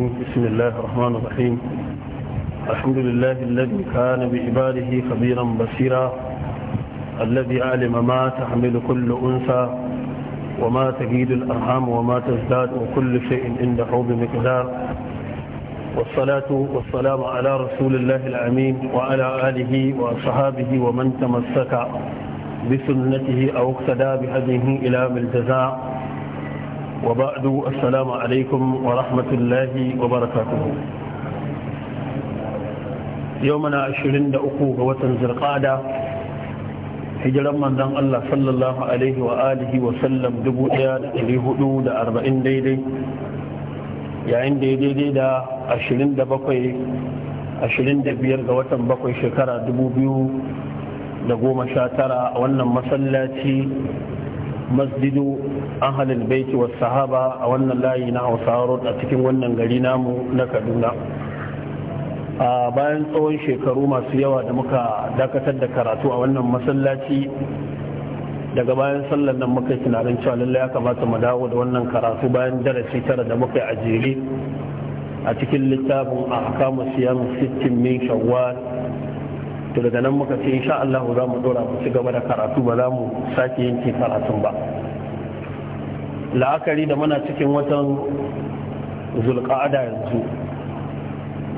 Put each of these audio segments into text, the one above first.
بسم الله الرحمن الرحيم الحمد لله الذي كان بعباده خبيرا بصيرا الذي علم ما تحمل كل أنثى وما تجيد الأرحام وما تزداد وكل شيء عنده بمقدار والصلاة والسلام على رسول الله الأمين وعلى آله وصحابه ومن تمسك بسنته أو اقتدى بهديه إلى بالجزاء وبعد السلام عليكم ورحمة الله وبركاته يومنا عشرين دقوق وتنزل قادة hijiran manzon Allah sallallahu alaihi wa alihi wa sallam 1440 daidai yayin da ya daidai da 27 25 ga watan bakwai shekara 2019 a wannan masallaci masjidu ahalin baiti wa sahaba a wannan layi na hausa a cikin wannan gari namu na kaduna a bayan tsawon shekaru masu yawa da muka dakatar da karatu a wannan masallaci daga bayan sallar nan muka yi tunanin cewa lallai ya kamata mu dawo da wannan karatu bayan darasi tara da muka yi a jere a cikin littafin a hakamu siyan sittin min shawwal to daga nan muka ce insha Allah za mu dora mu ci gaba da karatu ba za mu sake yanke karatun ba la'akari da muna cikin watan zulqa'ada yanzu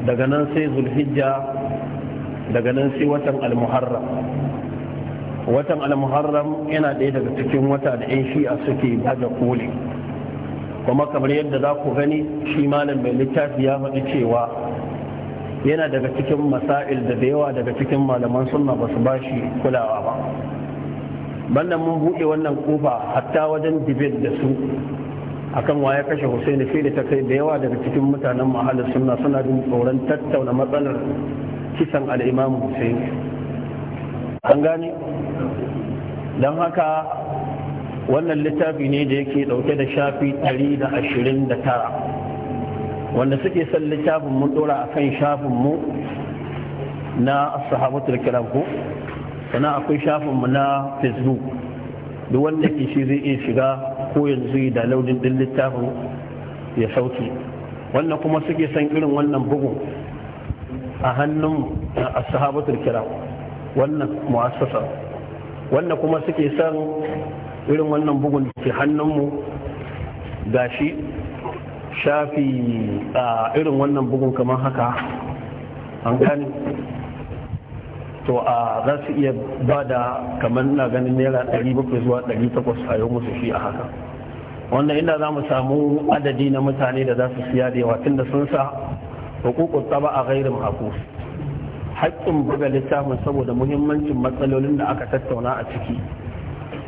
daga nan sai zulhijja daga nan sai watan almuharram watan almuharram yana ɗaya daga cikin wata da 'yan shi'a suke bada koli kuma kamar yadda za ku gani shi malam mai littafi ya faɗi cewa yana daga cikin masail da da yawa daga cikin malaman sunna ba su ba shi kulawa ba banda mun buɗe wannan kofa hatta wajen debate da su akan waye kashe Hussein Fili da kai da yawa daga cikin mutanen mahallin sunna suna jin tsoron tattauna matsalar kisan al-Imam Hussein an gane dan haka wannan littafi ne da yake dauke da shafi 129 wanda suke son littafin mu dora akan shafin mu na sahabatul kiram ko sannan akwai shafinmu na facebook duk wanda ke shi zai iya shiga ko yanzu da laudin din littafin ya sauke wannan kuma suke son irin wannan bugun a hannun ashabatul kira wannan mu'assasa wannan kuma suke son irin wannan bugun da ke hannunmu gashi shafi a irin wannan bugun kamar haka an gani to a za su iya ba da kamar na ganin naira 700 zuwa 800 a yau musu shi a haka wannan inda za mu samu adadi na mutane da za su siya da yawa tunda sun sa hukukun taba a gairin haku haƙƙin buga littafin saboda muhimmancin matsalolin da aka tattauna a ciki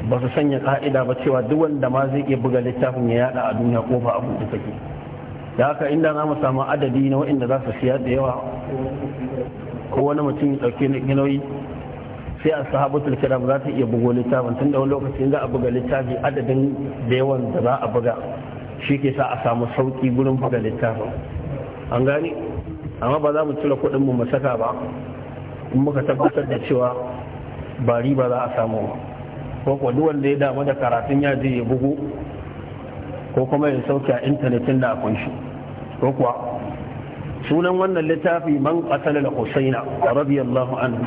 ba su sanya ka'ida ba cewa duk wanda ma zai iya buga littafin ya yada a duniya ko ba abu da take da haka inda za mu samu adadi na waɗanda za su siya da yawa ko wani mutum ya ɗauke na ginoyi sai a sahabatul kiram za ta iya bugo littafin tun da wani lokaci za a buga littafi adadin da yawan da za a buga shi ke sa a samu sauƙi gurin buga littafin an gani amma ba za mu cire kuɗin mu saka ba in muka tabbatar da cewa ba riba za a samu ko kuwa duk wanda ya damu da karatun ya je ya bugu ko kuma ya sauke a intanetin da a kunshi ko kuwa sunan wannan littafi man qatala al-husaina radiyallahu anhu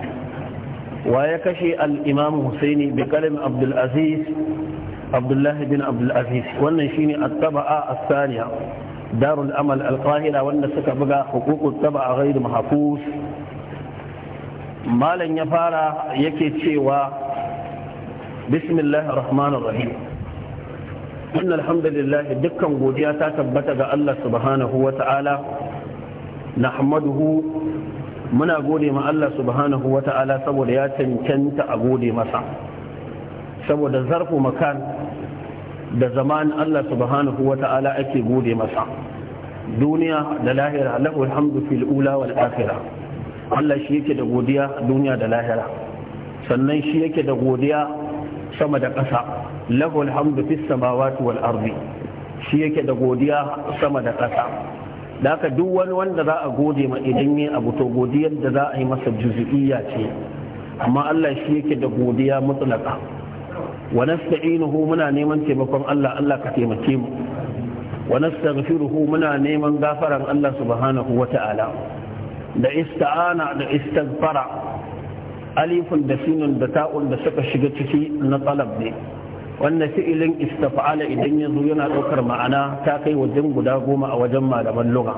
wa ya kashe al-imam husaini bi kalim abdul aziz abdullahi bin abdul aziz wannan shine at-taba'a as-thaniya darul amal al-qahira wanda suka buga huququt taba'a ghayr mahfuz malan ya fara yake cewa bismillahir rahmanir rahim inna alhamdulillah dukkan godiya ta tabbata ga Allah subhanahu wa ta'ala nahmaduhu muna gode ma Allah subhanahu wa ta'ala saboda ya cancanta a gode masa saboda zarfu makan da zaman Allah subhanahu wa wata'ala ake gode masa duniya da lahira lahu alhamdu fil ula wal akhirah Allah shi yake da godiya duniya da lahira sannan shi yake da godiya sama da ƙasa lahu alhamdu fis samawati wal ardi shi yake da godiya sama da ƙasa da haka duk wani wanda za a gode ma idan ya abu to godiyar da za a yi masa juzu'iyya ce amma Allah shi yake da godiya mutlaka wa nasta'inuhu muna neman taimakon Allah Allah ka taimake mu wa nastaghfiruhu muna neman gafaran Allah subhanahu wata'ala da ista'ana da istaghfara alifun da sinun da ta'un da suka shiga ciki na talab ne wannan fi'ilin istafa'ala idan ya zo yana ɗaukar ma'ana ta kai wajen guda goma a wajen malaman lugha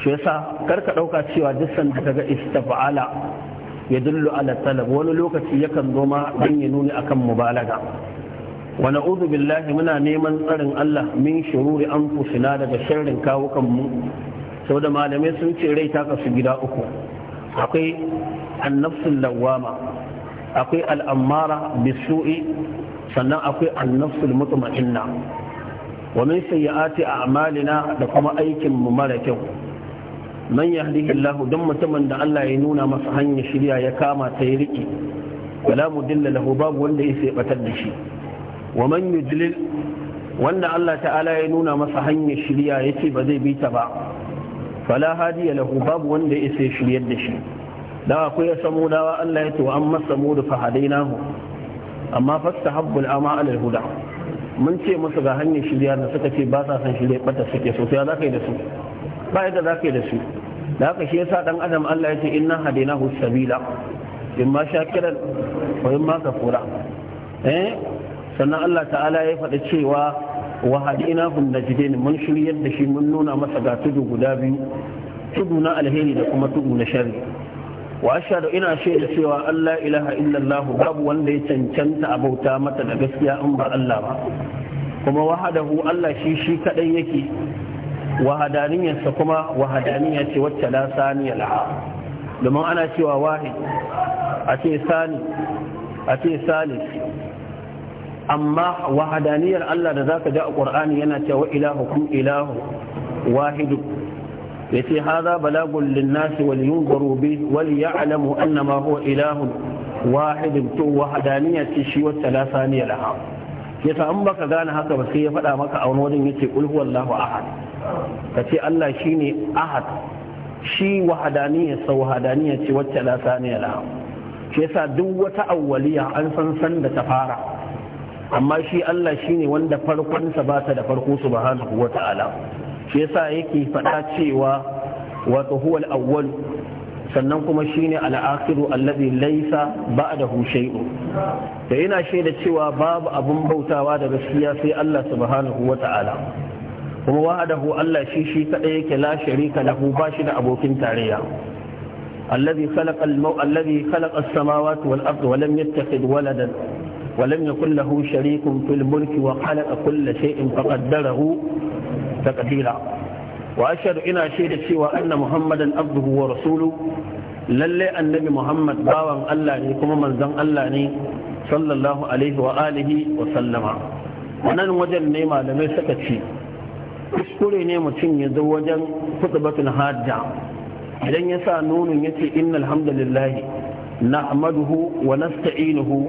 shi yasa karka ɗauka cewa duk sanda kaga istafa'ala ya dullu ala talab wani lokaci yakan zo ma don ya nuni akan mubalaga wa na'udhu billahi muna neman tsarin Allah min shururi anfusina daga sharrin kawukan mu saboda malamai sun ce rai ta kasu gida uku akwai annafsul lawama akwai al'ammara bisu'i sannan akwai annafsul mutma'inna wa min sayyiati a'malina da kuma aikin mu mara kyau man yahdihillahu dan mutumin da Allah ya nuna masa hanyar shirya ya kama ta yi riki wala mudilla lahu babu wanda ya sai batar da shi wa man yudlil wanda Allah ta'ala ya nuna masa hanyar shirya ya ce ba zai bi ta ba fala hadiya lahu babu wanda ya isa shiryar da shi da akwai ya samu dawa Allah ya ce wa amma samu fa hadainahu. amma fasta habbul ama alal huda mun ce musu ga hanyar shirya da suka ce ba sa san shirya bata suke so sai zaka yi da su ba yadda za ka yi da su da haka shi yasa dan adam Allah ya ce inna hadinahu sabila in ma shakiran wa in ma kafura eh sannan Allah ta'ala ya faɗi cewa wa hadinahum najdain mun shiryar da shi mun nuna masa ga tudu guda biyu tudu na alheri da kuma tudu na sharri wa ashhadu ina shaida cewa Allah ilaha illallah babu wanda ya cancanta abauta mata da gaskiya in ba Allah ba kuma wahadahu Allah shi shi kadai yake wahadaniyarsa kuma wahadaniya ce wacce la saniya laha domin ana cewa wahid a ce sani a ce salis amma wahadaniyar Allah da ka ji a ƙur'ani yana cewa ilahukum ilahu wahidu yace hadha balagun lin-nas wal yunzaru bi wal ya'lamu anna ma huwa ilahun to wahdaniyya ce shi wa talasaniya laha yasa an baka gane haka ba sai ya faɗa maka a wani wajen yace qul huwallahu ahad kace Allah shine ahad shi wahdaniyya sa wahdaniyya ce wacce talasaniya laha shi yasa duk wata awwaliya an san sanda da ta fara amma shi Allah shine wanda farkonsa bata da farko subhanahu shi yasa yake faɗa cewa wato huwal awwal sannan kuma shine al'akhiru allazi laysa ba'dahu shay'un da yana shaida cewa babu abun bautawa da gaskiya sai Allah subhanahu wata'ala kuma wahadahu Allah shi shi kadai yake la sharika lahu ba shi da abokin tarayya allazi khalaqa al-maw allazi khalaqa as-samawati wal ardi wa lam yattakhid waladan wa lam yakul lahu sharikun fil mulki wa khalaqa kulla shay'in faqaddarahu تقديلا ina shaida cewa سوى أن محمدا عبده rasulu lalle annabi muhammad bawan allah ne kuma manzon allah ne sallallahu alaihi wa alihi wa sallama wannan wajen ne malamai suka ce kuskure ne mutum ya zo wajen kutubatul hajja idan ya sa nunun ya ce inna alhamdulillah nahmaduhu wa nasta'inuhu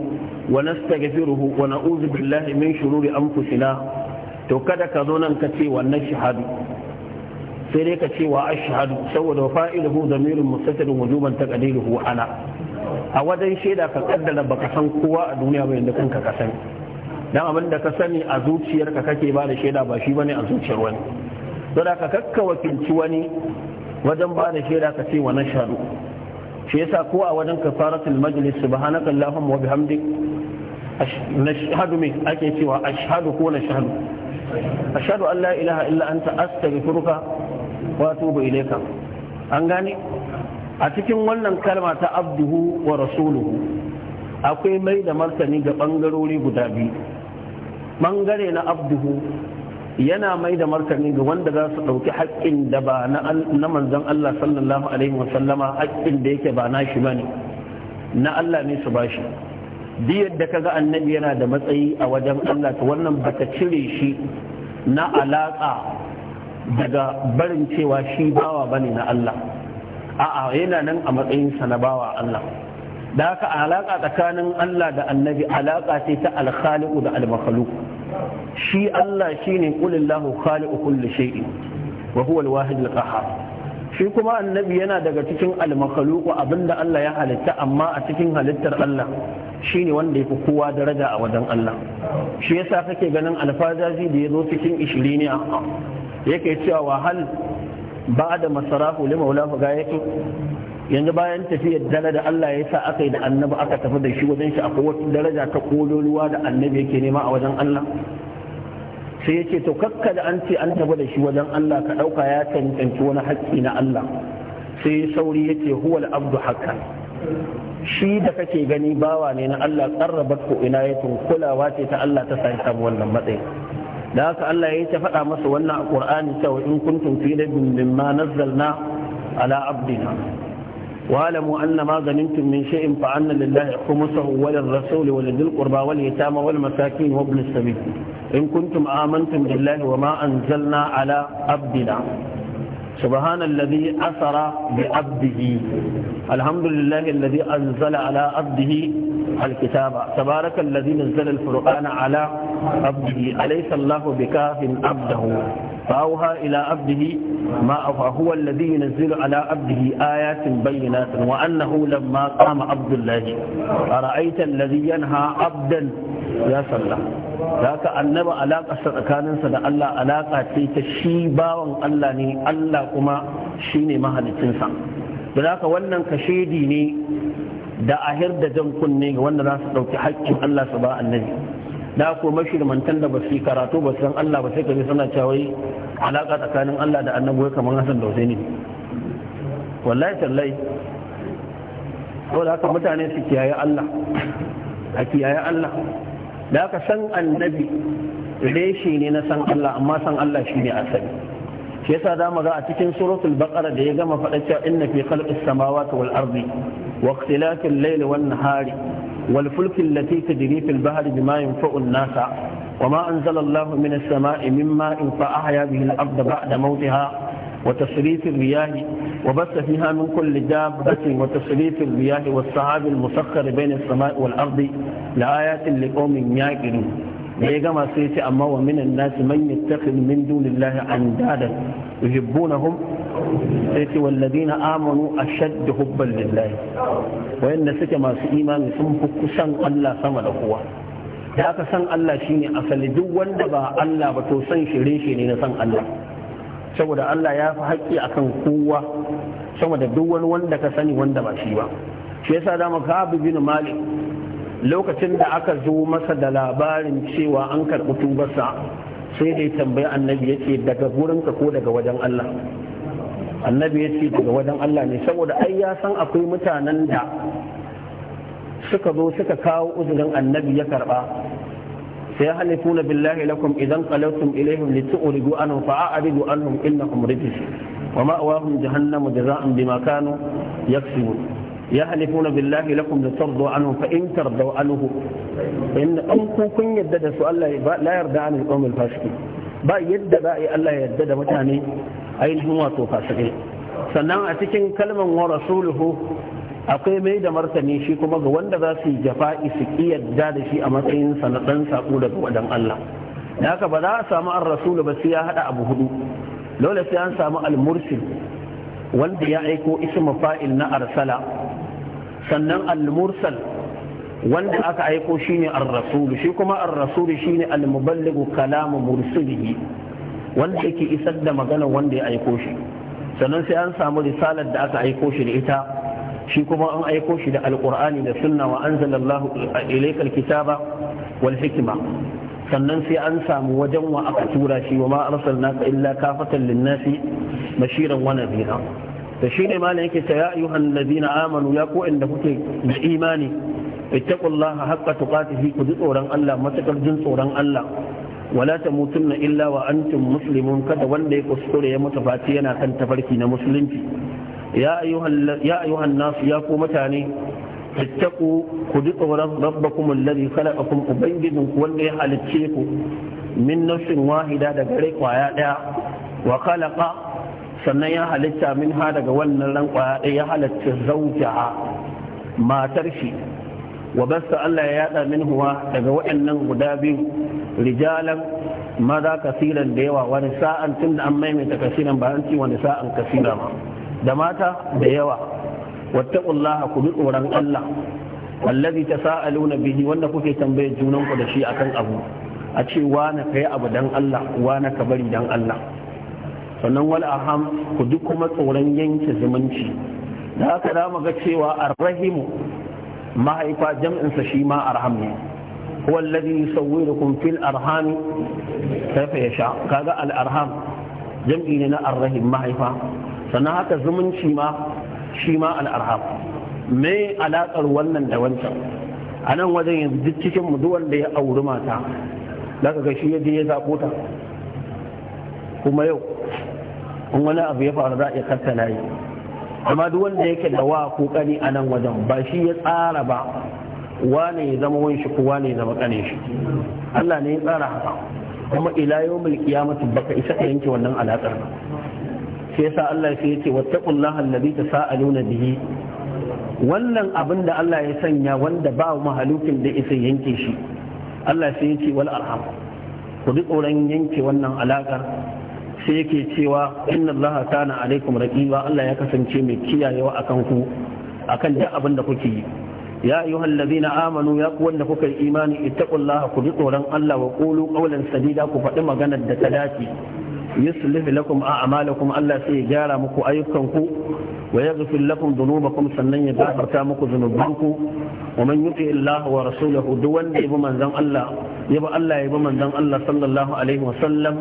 wa nastaghfiruhu wa na'udhu billahi min shururi anfusina to kada ka zo nan ka ce wannan shahadu sai dai ka ce wa ashhadu saboda fa'iluhu damirun mustatirun wujuban taqdiruhu ana a wajen shaida ka kaddara baka san kowa a duniya ba yanda kanka ka sani dan abin da ka sani a zuciyarka kake ba da shaida ba shi bane a zuciyar wani to da ka kakka wakilci wani wajen ba da shaida ka ce wa shahadu, shi yasa ko a wajen kafaratul majlis subhanakallahumma wa bihamdik nashhadu me ake cewa ashhadu ko nashhadu ashhadu an la ilaha illa anta astaghfiruka wa atubu ilayka an gane a cikin wannan kalma ta abduhu wa rasuluhu akwai mai da martani ga bangarori guda biyu bangare na abduhu yana mai da martani ga wanda za su ɗauki haƙƙin da ba na manzon Allah sallallahu alaihi wa sallama haƙƙin da yake ba na shi ba ne na Allah ne su bashi. shi duk yadda kaga annabi yana da matsayi a wajen Allah ta wannan bata cire shi na alaƙa daga barin cewa shi bawa bane na Allah a'a yana nan a matsayin sa na bawa Allah da haka alaƙa tsakanin Allah da annabi alaƙa ce ta alkhaliku da almakhluq shi Allah shine qulillahu khaliqu kulli shay'in wa huwa alwahid alqahhar shi kuma annabi yana daga cikin almakaluku abinda Allah ya halitta amma a cikin halittar Allah shi ne wanda ya fi kowa daraja a wajen Allah shi yasa kake ganin alfazazi da ya zo cikin ishiriniya yake cewa wahal ba da masarafu lima wula ga yake yanzu bayan tafiyar dala da Allah ya sa aka yi da annabi aka tafi da shi wajen shi akwai wata daraja ta kololuwa da annabi yake nema a wajen Allah sai yace to kakka da an ce an taba da shi wajen Allah ka ɗauka ya cancanci wani haƙƙi na Allah sai sauri yace huwal abdu hakan shi da kake gani bawa ne na Allah ƙarrabar ko ina ya kulawa ce ta Allah ta sai samu wannan matsayi da haka Allah ya ta faɗa masa wannan a Qur'ani cewa in kuntum fi rabbin mimma nazzalna ala abdina واعلموا أن ما غنمتم من شيء فأن لله خمسه وللرسول ولذي القربى واليتامى والمساكين وابن السبيل إن كنتم آمنتم بالله وما أنزلنا على عبدنا سبحان الذي أثر بعبده الحمد لله الذي أنزل على عبده الكتاب تبارك الذي نزل الفرقان على عبده أليس الله بكاف عبده فأوها إلى عبده ما أوها هو الذي ينزل على عبده آيات بينات وأنه لما قام عبد الله أرأيت الذي ينهى عبدا يا صلى ذاك أنب قصر كان صلى الله على علاقة تشيبا وأن الله ني الله كما شيني مهل تنسى ذاك وأن كشيدي ني da ahir da jan kunne wanda za su ɗauki haƙƙin Allah su ba annabi da ko mashirmantan da ba su karatu ba san Allah ba sai ka ji suna cewa alaka tsakanin Allah da annabi kamar Hassan da Husaini wallahi tallahi ko da haka mutane su kiyaye Allah a kiyaye Allah da haka san annabi shi ne na san Allah amma san Allah shine asali shi yasa da maga a cikin suratul baqara da ya gama faɗa cewa inna fi khalqis samawati wal ardi wa ikhtilafil layli wan nahari والفلك التي تجري في البحر بما ينفع الناس وما أنزل الله من السماء مما ماء فأحيا به الأرض بعد موتها وتصريف الرياح وبث فيها من كل دابة وتصريف الرياح والسحاب المسخر بين السماء والأرض لآيات لقوم يعقلون da ya gama sai ce amma wa minan nasi man yattakhid min dunillahi andada yuhibbunahum sai ce walladina amanu ashadd hubban lillahi wayanda suke masu imani sun fi kusan Allah sama da kowa da aka san Allah shine asali duk wanda ba Allah ba to san shi reshe ne na san Allah saboda Allah ya fi haƙƙi akan kowa sama duk wanda ka sani wanda ba shi ba shi yasa da mu ka bin malik lokacin da aka zo masa da labarin cewa an karɓi tubarsa sai dai tambayi annabi ya ce daga gurinka ko daga wajen Allah annabi ya ce daga wajen Allah ne saboda ai ya san akwai mutanen da suka zo suka kawo uzurin annabi ya karɓa sai ya halifu na billahi lakum idan qalawtum ilaihim litu'ridu anhum fa'aridu anhum innakum rijis wa ma'awahum jahannamu jazaa'an bima kanu yaksibun يحلفون بالله لكم لترضوا عنه فإن ترضوا عنه فإن أنكم كن يدد سؤال لا يرضى عن القوم الفاسقين با يدد بأي الله يدد متاني أين هو فاسقين sannan a cikin kalman wa rasuluhu akwai mai da martani shi kuma ga wanda za su yi jafa'i su ki da shi a matsayin sanadan sako daga wadan Allah da haka ba za a samu an rasulu ba sai ya hada abu hudu dole sai an samu al-mursil wanda ya aiko ismu fa'il na arsala sannan al-mursal wanda aka aiko shine ar-rasul shi kuma ar-rasul shine al-muballighu kalamu mursalihi wanda yake isar da magana wanda ya aiko shi sannan sai an samu risalar da aka aiko shi da ita shi kuma an aiko shi da alkur'ani da sunna wa anzalallahu ilaykal kitaba wal hikma sannan sai an samu wajen wa aka tura shi wa ma arsalnaka illa kafatan lin-nasi bashiran wa nadhira da shi ne malam yake ta ya ayyuhan amanu ya ko inda kuke da imani ittaqullaha haqqa tuqatihi ku ji tsoron Allah matakar jin tsoron Allah wala tamutunna illa wa antum muslimun kada wanda ya kuskure ya mutu fati yana kan tafarki na musulunci ya ayyuhan ya ayyuhan nas ya ku mutane ittaqu ku ji tsoron rabbakum alladhi khalaqakum ku wanda ya halicce ku min nafsin wahida daga rai kwaya daya wa khalaqa sannan ya halitta min ha daga wannan ran kwaya ya halatta zaujaha matar shi wa basta Allah ya yada min huwa daga waɗannan guda biyu rijalan maza kasiran da yawa wani sa'an tun da an maimaita kasiran ba an ci wani sa'an kasira ba da mata da yawa wattaqullaha ku bi tsoron Allah wallazi tasaaluna bihi wanda kuke tambayar junanku da shi akan abu a ce wa na kai abu dan Allah wa na ka bari dan Allah sannan wal arham ku duk kuma tsoron yanke zumunci da haka da ga cewa arrahimu mahaifa jam'insa shi ma arham ne wallazi yusawwirukum fil arham kaifa yasha kaga al arham jam'i ne na arrahim mahaifa sannan haka zumunci ma shi ma al arham me alakar wannan da wancan a nan wajen yanzu duk cikin mu duk wanda ya auri mata zaka ga shi ya je ya zabo ta kuma yau in wani abu ya faru za a iya karta layi amma duk wanda yake da wa kokari a nan wajen ba shi ya tsara ba wane ya zama wani shi ko wane ya zama kane shi Allah ne ya tsara haka kuma ila yawmul qiyamati baka isa ka yanke wannan alaƙar ba sai yasa Allah sai yace wattaqullaha allazi tasaaluna bihi wannan abin da Allah ya sanya wanda ba mahalukin da isa yanke shi Allah sai yace wal arham ku duk tsoron yanke wannan alaƙar sai yake cewa inna allaha kana alaikum raqiba Allah ya kasance mai kiyayewa akan ku akan duk abin da kuke yi ya ayyuhal ladina amanu ya ku wanda kuka yi imani ittaqullaha ku ji tsoron Allah wa qulu qawlan sadida ku faɗi maganar da ta dace yuslih lakum a'malakum Allah sai ya gyara muku ayyukanku wa yaghfir lakum dhunubakum sannan ya gafarta muku dhunubanku wa man yuti Allah wa rasulahu duk wanda ya Allah ya Allah ya bi Allah sallallahu alaihi wa sallam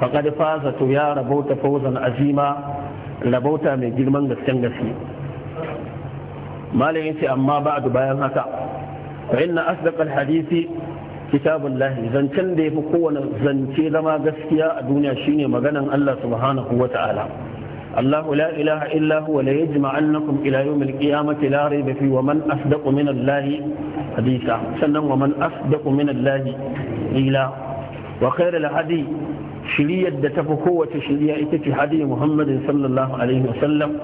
faqad faza to ya rabauta fawzan azima rabauta mai girman gasken gaske malam ce amma da bayan haka fa inna asdaq alhadisi kitabun lahi zancen da ya fi kowane zance zama gaskiya a duniya shine maganan Allah subhanahu wa ta'ala Allahu la ilaha illa huwa la yajma'annakum ila yawmil qiyamati la rayba fi wa man asdaqu min Allah hadisa sannan wa man asdaqu min Allah ila wa khairul lahadi. shiryar da tafi kowace shiriya ita ce hadi muhammadin sallallahu alaihi wasallam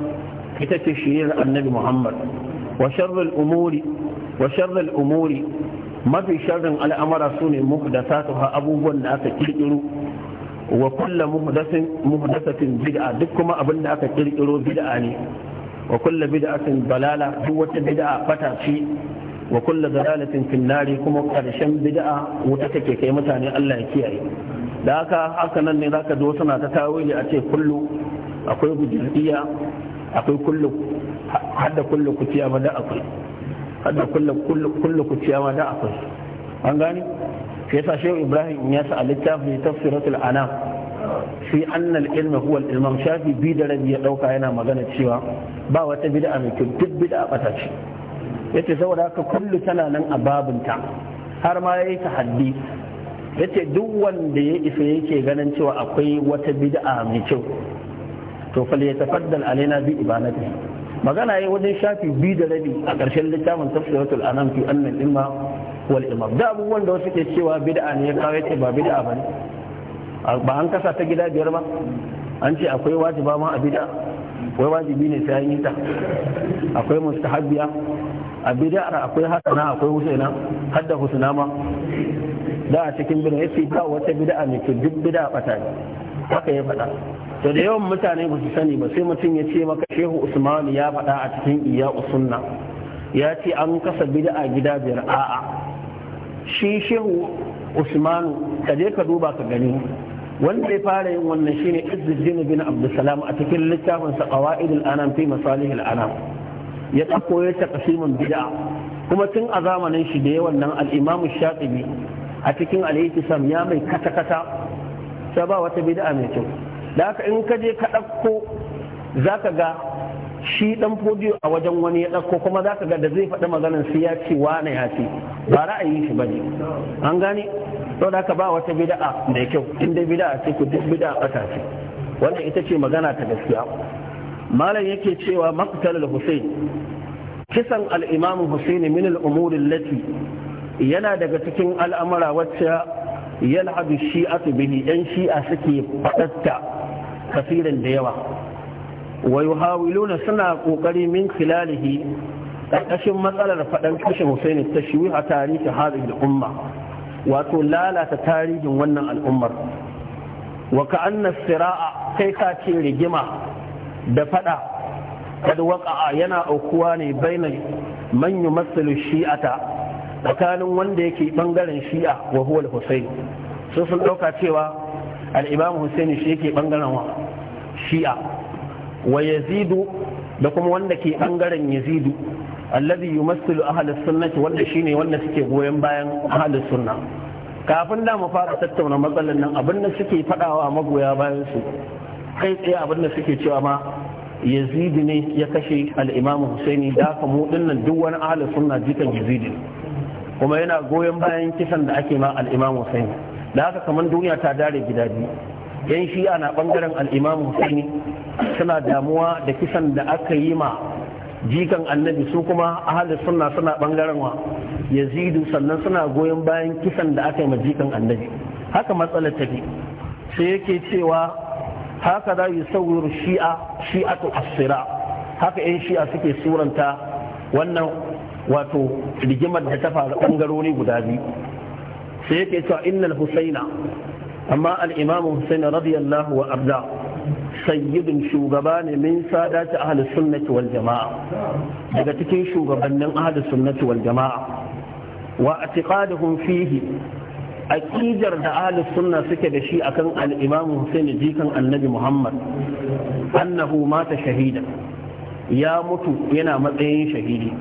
ita ce shiryar annabi muhammad wa sharral umuri wa umuri mafi sharrin al'amara su ne ha abubuwan da aka kirkiro wa kulla muhdathin muhdathatin bid'a duk kuma abin da aka kirkiro bid'a ne wa kulla bid'atin balala duk wata bid'a fata ce wa kulla dalalatin fin kuma karshen bid'a wuta take kai mutane Allah ya kiyaye da haka haka nan ne za ka zo suna ta tawili a ce kullu akwai hujjiyya akwai kullu hadda kullu ku ciyama da akwai hadda kullu kullu kuciya ma da akwai an gani shi yasa shehu ibrahim ya sa a littafin tafsiratul anam fi annal ilmi huwa al-imam shafi bi da rabi ya dauka yana magana cewa ba wata bid'a mai kyau duk bid'a bata ce yace saboda haka kullu tana nan a babinta har ma yayi tahaddi yace duk wanda ya isa yake ganin cewa akwai wata bid'a mai kyau to fal yatafaddal alaina bi ibanati magana yayi wajen shafi bi da rabi a ƙarshen littafin tafsiratul anam fi annal imma wal imam da abubuwan da wasu ke cewa bid'a ne ya kawo yace ba bid'a bane ba an kasa ta gida biyar ba an ce akwai wajiba ma a bid'a wai wajibi ne sai an yi ta akwai mustahabbiya a bid'a akwai hasana akwai husaina hadda husnama ma da a cikin bid'a yace ba wata bid'a ne to duk bid'a ne haka ya faɗa to da yawan mutane ba su sani ba sai mutum ya ce maka shehu usman ya faɗa a cikin iya usunna ya ce an kasa bid'a gida biyar a'a shi shehu usman ka je ka duba ka gani wanda ya fara yin wannan shine izzuddin bin abdussalam a cikin littafin sa qawaidul anam fi masalih al anam ya koyar ta taqsimun bid'a kuma tun a zamanin shi da yawan nan al-imam shatibi a cikin alaihisam ya mai kata-kata ba wata bid'a mai kyau da haka in ka je ka ɗauko za ka ga shi ɗan fodiyo a wajen wani ya ɗauko kuma za ka ga da zai faɗi maganar sai ya ce wane ya ce ba ra'ayi shi ba ne an gane to da ba wata bid'a mai kyau in dai bid'a ce ku duk bid'a ɓata ce wannan ita ce magana ta gaskiya malam yake cewa maqtal al-husayn kisan al-imam husayn min al-umuri allati yana daga cikin al'amura wacce yalhadu shi'atu bihi yan shi'a suke fadatta kasirin da yawa wa yuhawiluna suna kokari min khilalihi ƙarƙashin matsalar faɗan kashe Hussein ta shiwi a tarihi hadin da umma wato lalata tarihin wannan al'ummar wa ka'annas sira'a kai ka ce rigima da faɗa kad waqa'a yana aukuwa ne baina man yumassalu shi'ata tsakanin wanda yake bangaren shi'a wa huwa al sun sun cewa al husaini shi yake bangaren wa shi'a wa yazidu da kuma wanda ke bangaren yazidu alladhi yumassilu ahlus sunnati wanda shine wanda suke goyon bayan ahlus sunna kafin da mu fara tattauna matsalar nan abin da suke fadawa magoya bayan su kai tsaye abin da suke cewa ma yazidu ne ya kashe al husaini da ka mu dinnan duk wani ahlus sunna jikan yazidu kuma yana goyon bayan kisan da ake ma al'imam imam da haka kamar duniya ta dare gida biyu yan shi'a na bangaren al'imam imam Hussein suna damuwa da kisan da aka yi ma jikan annabi su kuma ahli sunna suna bangaren wa yazidu sannan suna goyon bayan kisan da aka yi ma jikan annabi haka matsalar tafi sai yake cewa haka za yi shi'a shi'atu asira haka yan shi'a suke suranta wannan wato rigimar da ta faru ɓangarori guda biyu sai yake cewa innal husaina amma al-imam husaina radiyallahu wa arda sayyidun shugaba ne min sadati ahli sunnati wal jama'a daga cikin shugabannin ahli sunnati wal jama'a wa i'tiqaduhum fihi aqidar da ahli sunna suke da shi akan al-imam husaini jikan annabi muhammad annahu mata shahida ya mutu yana matsayin shahidi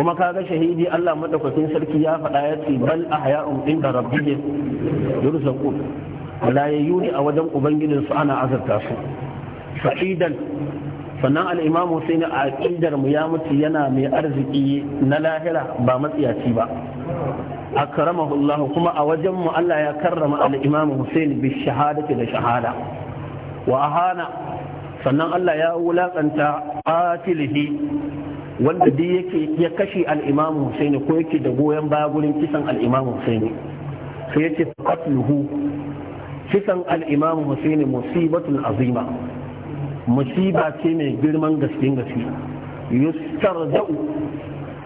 kuma ka ga shahidi Allah madaukakin sarki ya faɗa ya ce bal ahya'um inda rabbihim yurzaqun la ne a wajen ubangijin su ana azarta su sa'idan sannan al-imamu sai a aƙidar mu ya mutu yana mai arziki na lahira ba matsiyaci ba akramahu Allah kuma a wajen mu Allah ya karrama al-imamu Hussein bi shahadati da shahada wa ahana sannan Allah ya wulakanta qatilihi wanda duk yake ya kashe al-Imam Husaini ko yake da goyon baya gurin kisan al-Imam Husaini sai yace qatluhu kisan alimam imam Husaini azima musiba ce mai girman gaske gaske yustarda'u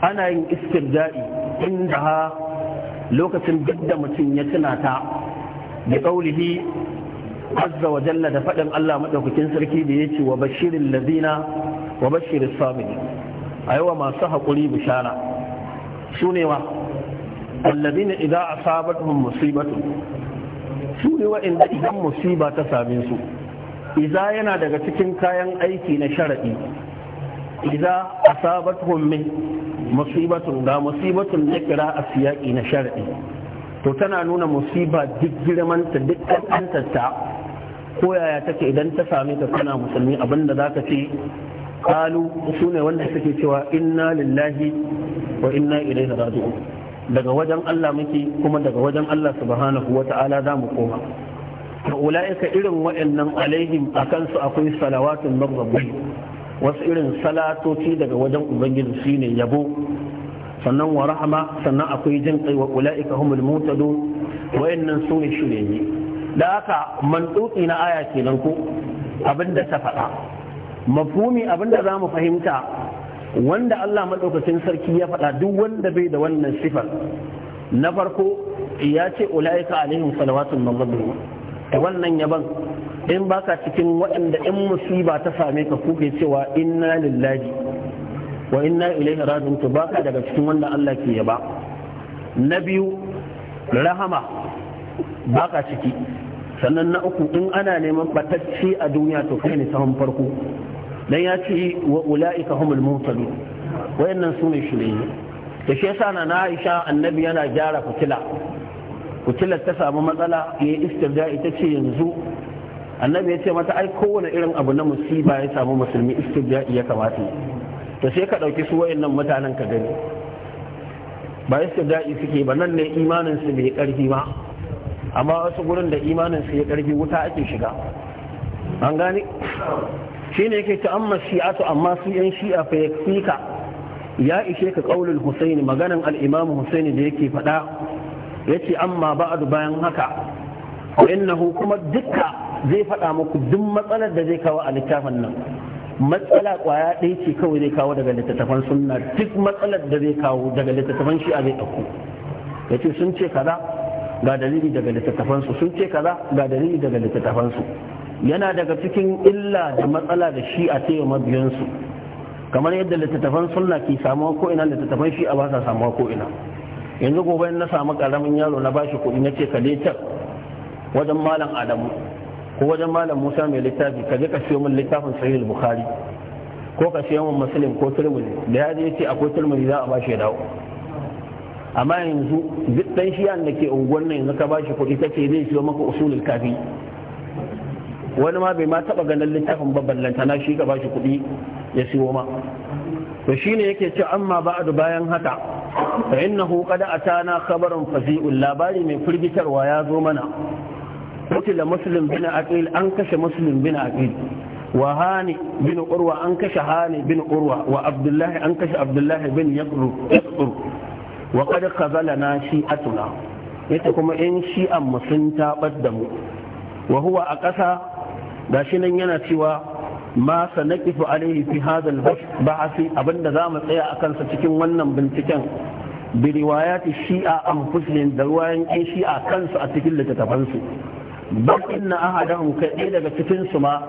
ana yin istirda'i inda lokacin duk da mutum ya tuna ta bi qaulihi azza wa jalla da faɗin Allah madaukakin sarki da ce wa bashirin ladina wa bashirin sabirin a yawa masu haƙuri bishara su ne wa allazina idan asabatuhum musibatu su ne wa'inda idan musiba ta same su iza yana daga cikin kayan aiki na sharaɗi iza asabatuhum min musibatun ga musibatun ya kira a siyaƙi na sharaɗi to tana nuna musiba duk girmanta duk ƙanƙantarta ko yaya take idan ta same ka kana musulmi abinda za ka ce Kalu sune wanda suke cewa inna lillahi wa inna daga wajen Allah muke kuma daga wajen Allah subhanahu wa ta'ala za mu koma to ulaika irin waɗannan alaihim a kansu akwai salawatun maghdubi wasu irin salatoci daga wajen ubangiji ne yabo sannan wa rahama sannan akwai jin kai wa ulaika humul mutadun su ne shirye da haka mantuki na aya kenan ko abinda ta faɗa abin abinda za mu fahimta wanda Allah maɗaukacin sarki ya faɗa duk wanda bai da wannan sifar na farko ya ce ula'ika alaihim salawatun min rabbihim Da wannan yaban in baka cikin waɗanda in musiba ta same ka kai cewa inna lillahi wa inna ilaihi rajiun to baka daga cikin wanda Allah ke yaba na biyu rahama baka ciki sannan na uku in ana neman batacci a duniya to kai ne sahun farko dan ya ce wa ula'ika humul mutadu wayannan su ne shirye da shi yasa na Aisha annabi yana gyara fitila fitilar ta samu matsala ya istirja ita ce yanzu annabi ya ce mata ai kowane irin abu na musiba ya samu musulmi istirja ya kamata to sai ka dauki su wayannan mutanen ka gani ba istirja suke ba nan ne imanin su bai karfi ba amma wasu gurin da imanin su ya karfi wuta ake shiga an gane shine yake ta amma shi'atu amma su yan shi'a fa yakfika ya ishe ka qaulul husaini maganan al-imam husaini da yake faɗa yace amma ba'du bayan haka innahu kuma dukka zai faɗa muku duk matsalar da zai kawo a littafin nan matsala kwaya ɗaya ce kawai zai kawo daga littattafan sunna duk matsalar da zai kawo daga littattafan shi'a zai ɗauko yace sun ce kaza ga dalili daga littattafansu sun ce kaza ga dalili daga littattafansu yana daga cikin illa da matsala da shi a taiwa mabiyansu kamar yadda littattafan sunna ke samuwa ko ina littattafan shi a ba samuwa ko yanzu gobe na samu karamin yaro na bashi kuɗi na ce ka wajen malam adamu ko wajen malam musa mai littafi ka je ka siyo min littafin sahih bukhari ko ka siyo min muslim ko turmuzi da ya je ce akwai turmuzi za a bashi ya dawo amma yanzu duk dan shiyan da ke unguwan nan yanzu ka bashi kuɗi kace zai siyo maka usulul kafi wani ma bai ma taba ganin littafin babban na shi ka bashi kuɗi ya siyo ma to shine yake ce amma ba da bayan haka fa innahu qad atana khabarun fazi'un labari mai firgitarwa ya zo mana kutila muslim bin aqil an kashe muslim bin aqil wa hani bin urwa an kashe hani bin urwa wa abdullahi an kashe abdullahi bin yaqru wa qad khazalana shi'atuna ita kuma in shi'an mu sun a ƙasa gashi nan yana cewa ma sanaqifu alaihi fi hadha al abinda za mu tsaya a kansa cikin wannan binciken bi riwayati shi'a anfusihim da ruwayan ƴan shi'a kansu a cikin littattafansu bal inna ahadahum kai ɗaya daga cikin su ma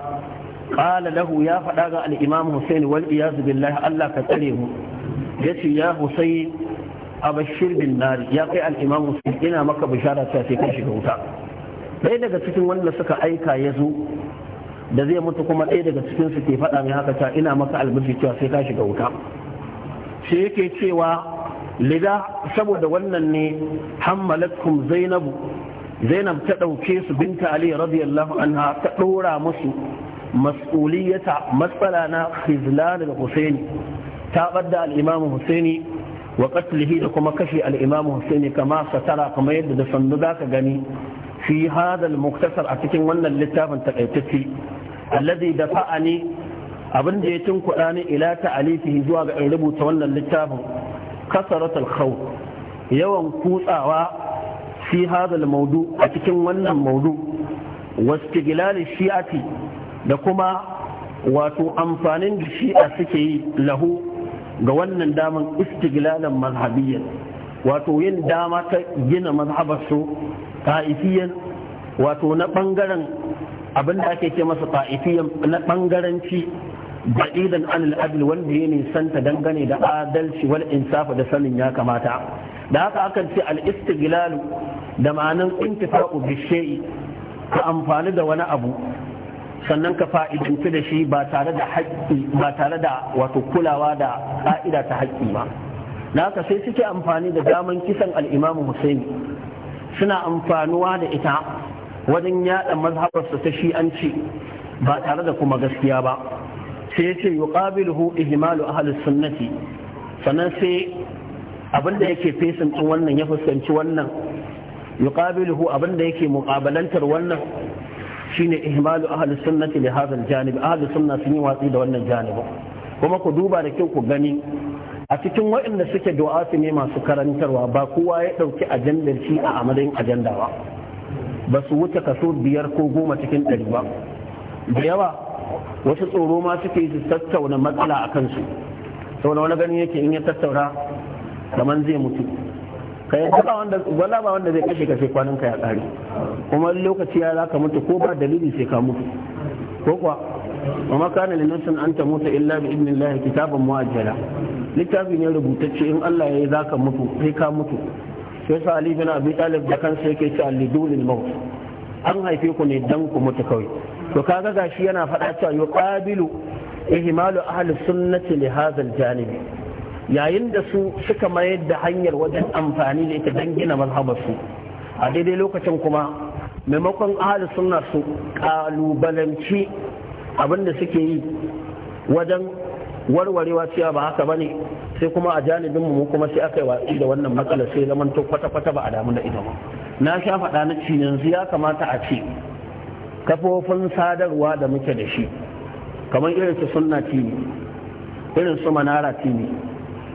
qala lahu ya faɗa ga al-imam Hussein wal iyaz billahi Allah ka tsare mu yace ya Hussein abashir bin nar ya kai al'imam musulun ina maka bishara ta sai kai shiga wuta ɗaya daga cikin wanda suka aika ya zo da zai mutu kuma ɗaya daga cikin su ke faɗa mai haka ta ina maka albashi cewa sai ka shiga wuta shi yake cewa lida saboda wannan ne hammalatkum zainabu zainab ta ɗauke su binta ali radiyallahu anha ta ɗora musu mas'uliyata matsala na khizlan daga husaini ta badda al husaini wa qatlihi da kuma kashe al husaini kama satara kuma yadda da sandu zaka gani fi hadal muktasar a cikin wannan littafin takaitacce alladhi dafa'ani abin da ya tunkuɗa ni ila ta'alifihi zuwa ga in rubuta wannan littafin kasaratul khawf yawan kutsawa fi hadal maudu a cikin wannan maudu wastigilal shi'ati da kuma wato amfanin da shi'a suke yi lahu ga wannan daman istiglalan mazhabiyyan wato yin dama ta gina mazhabarsu ta'ifiyan wato na bangaren abin da ake ce masa ta'ifiyan na bangaranci ba'idan anil adil wanda ya nisanta dangane da adalci wal insafa da sanin ya kamata da haka akan ce al istighlalu da ma'anan intifa'u bi ka amfani da wani abu sannan ka fa'idanci da shi ba tare da haƙƙi ba tare da wato kulawa da ƙa'ida ta haƙƙi ba da haka sai suke amfani da daman kisan Al'imamu Hussein suna amfanuwa da ita wajen yada mazhabarsa ta shi'anci ba tare da kuma gaskiya ba sai yace yuqabiluhu ihmalu ahli sunnati sannan sai abinda yake fesin din wannan ya fuskanci wannan yuqabiluhu abinda yake muqabalantar wannan shine ihmalu ahli sunnati li hadha janib ahli sunna sun yi watsi da wannan janibin kuma ku duba da kyau ku gani a cikin waɗanda suke du'a ne masu karantarwa ba kowa ya ɗauki ajandar shi a amadin ajanda ba ba su wuce kaso biyar ko goma cikin ɗari ba da yawa wasu tsoro ma suke su tattauna matsala a kansu saboda wani gani yake in ya tattauna kamar zai mutu ka yi ba wanda wala ba wanda zai kashe kashe kwanan ka ya tsare kuma lokaci ya zaka mutu ko ba dalili sai ka mutu ko kuwa wa ma kana lin nafsin an tamuta illa bi idnillahi kitaban muajjala littafi ne rubutacce in Allah ya yi zaka mutu sai ka mutu sai sa ali bin abi talib da kansa yake cewa lidulil maut an haife ku ne dan ku mutu kawai to kaga gashi yana faɗa cewa yuqabilu ihmalu ahli sunnati li hadha al yayin da su suka mayar da hanyar wajen amfani da ita dan gina mazhabar a daidai lokacin kuma maimakon ahli sunna su kalubalanci abin da suke yi wajen warwarewa cewa ba haka bane sai kuma a janibin mu kuma sai aka yi watsi da wannan matsalar sai zaman to kwata kwata ba a damu da ita ba na sha faɗa na ci yanzu ya kamata a ce kafofin sadarwa da muke da shi kamar irin su sunna tv irin su manara tv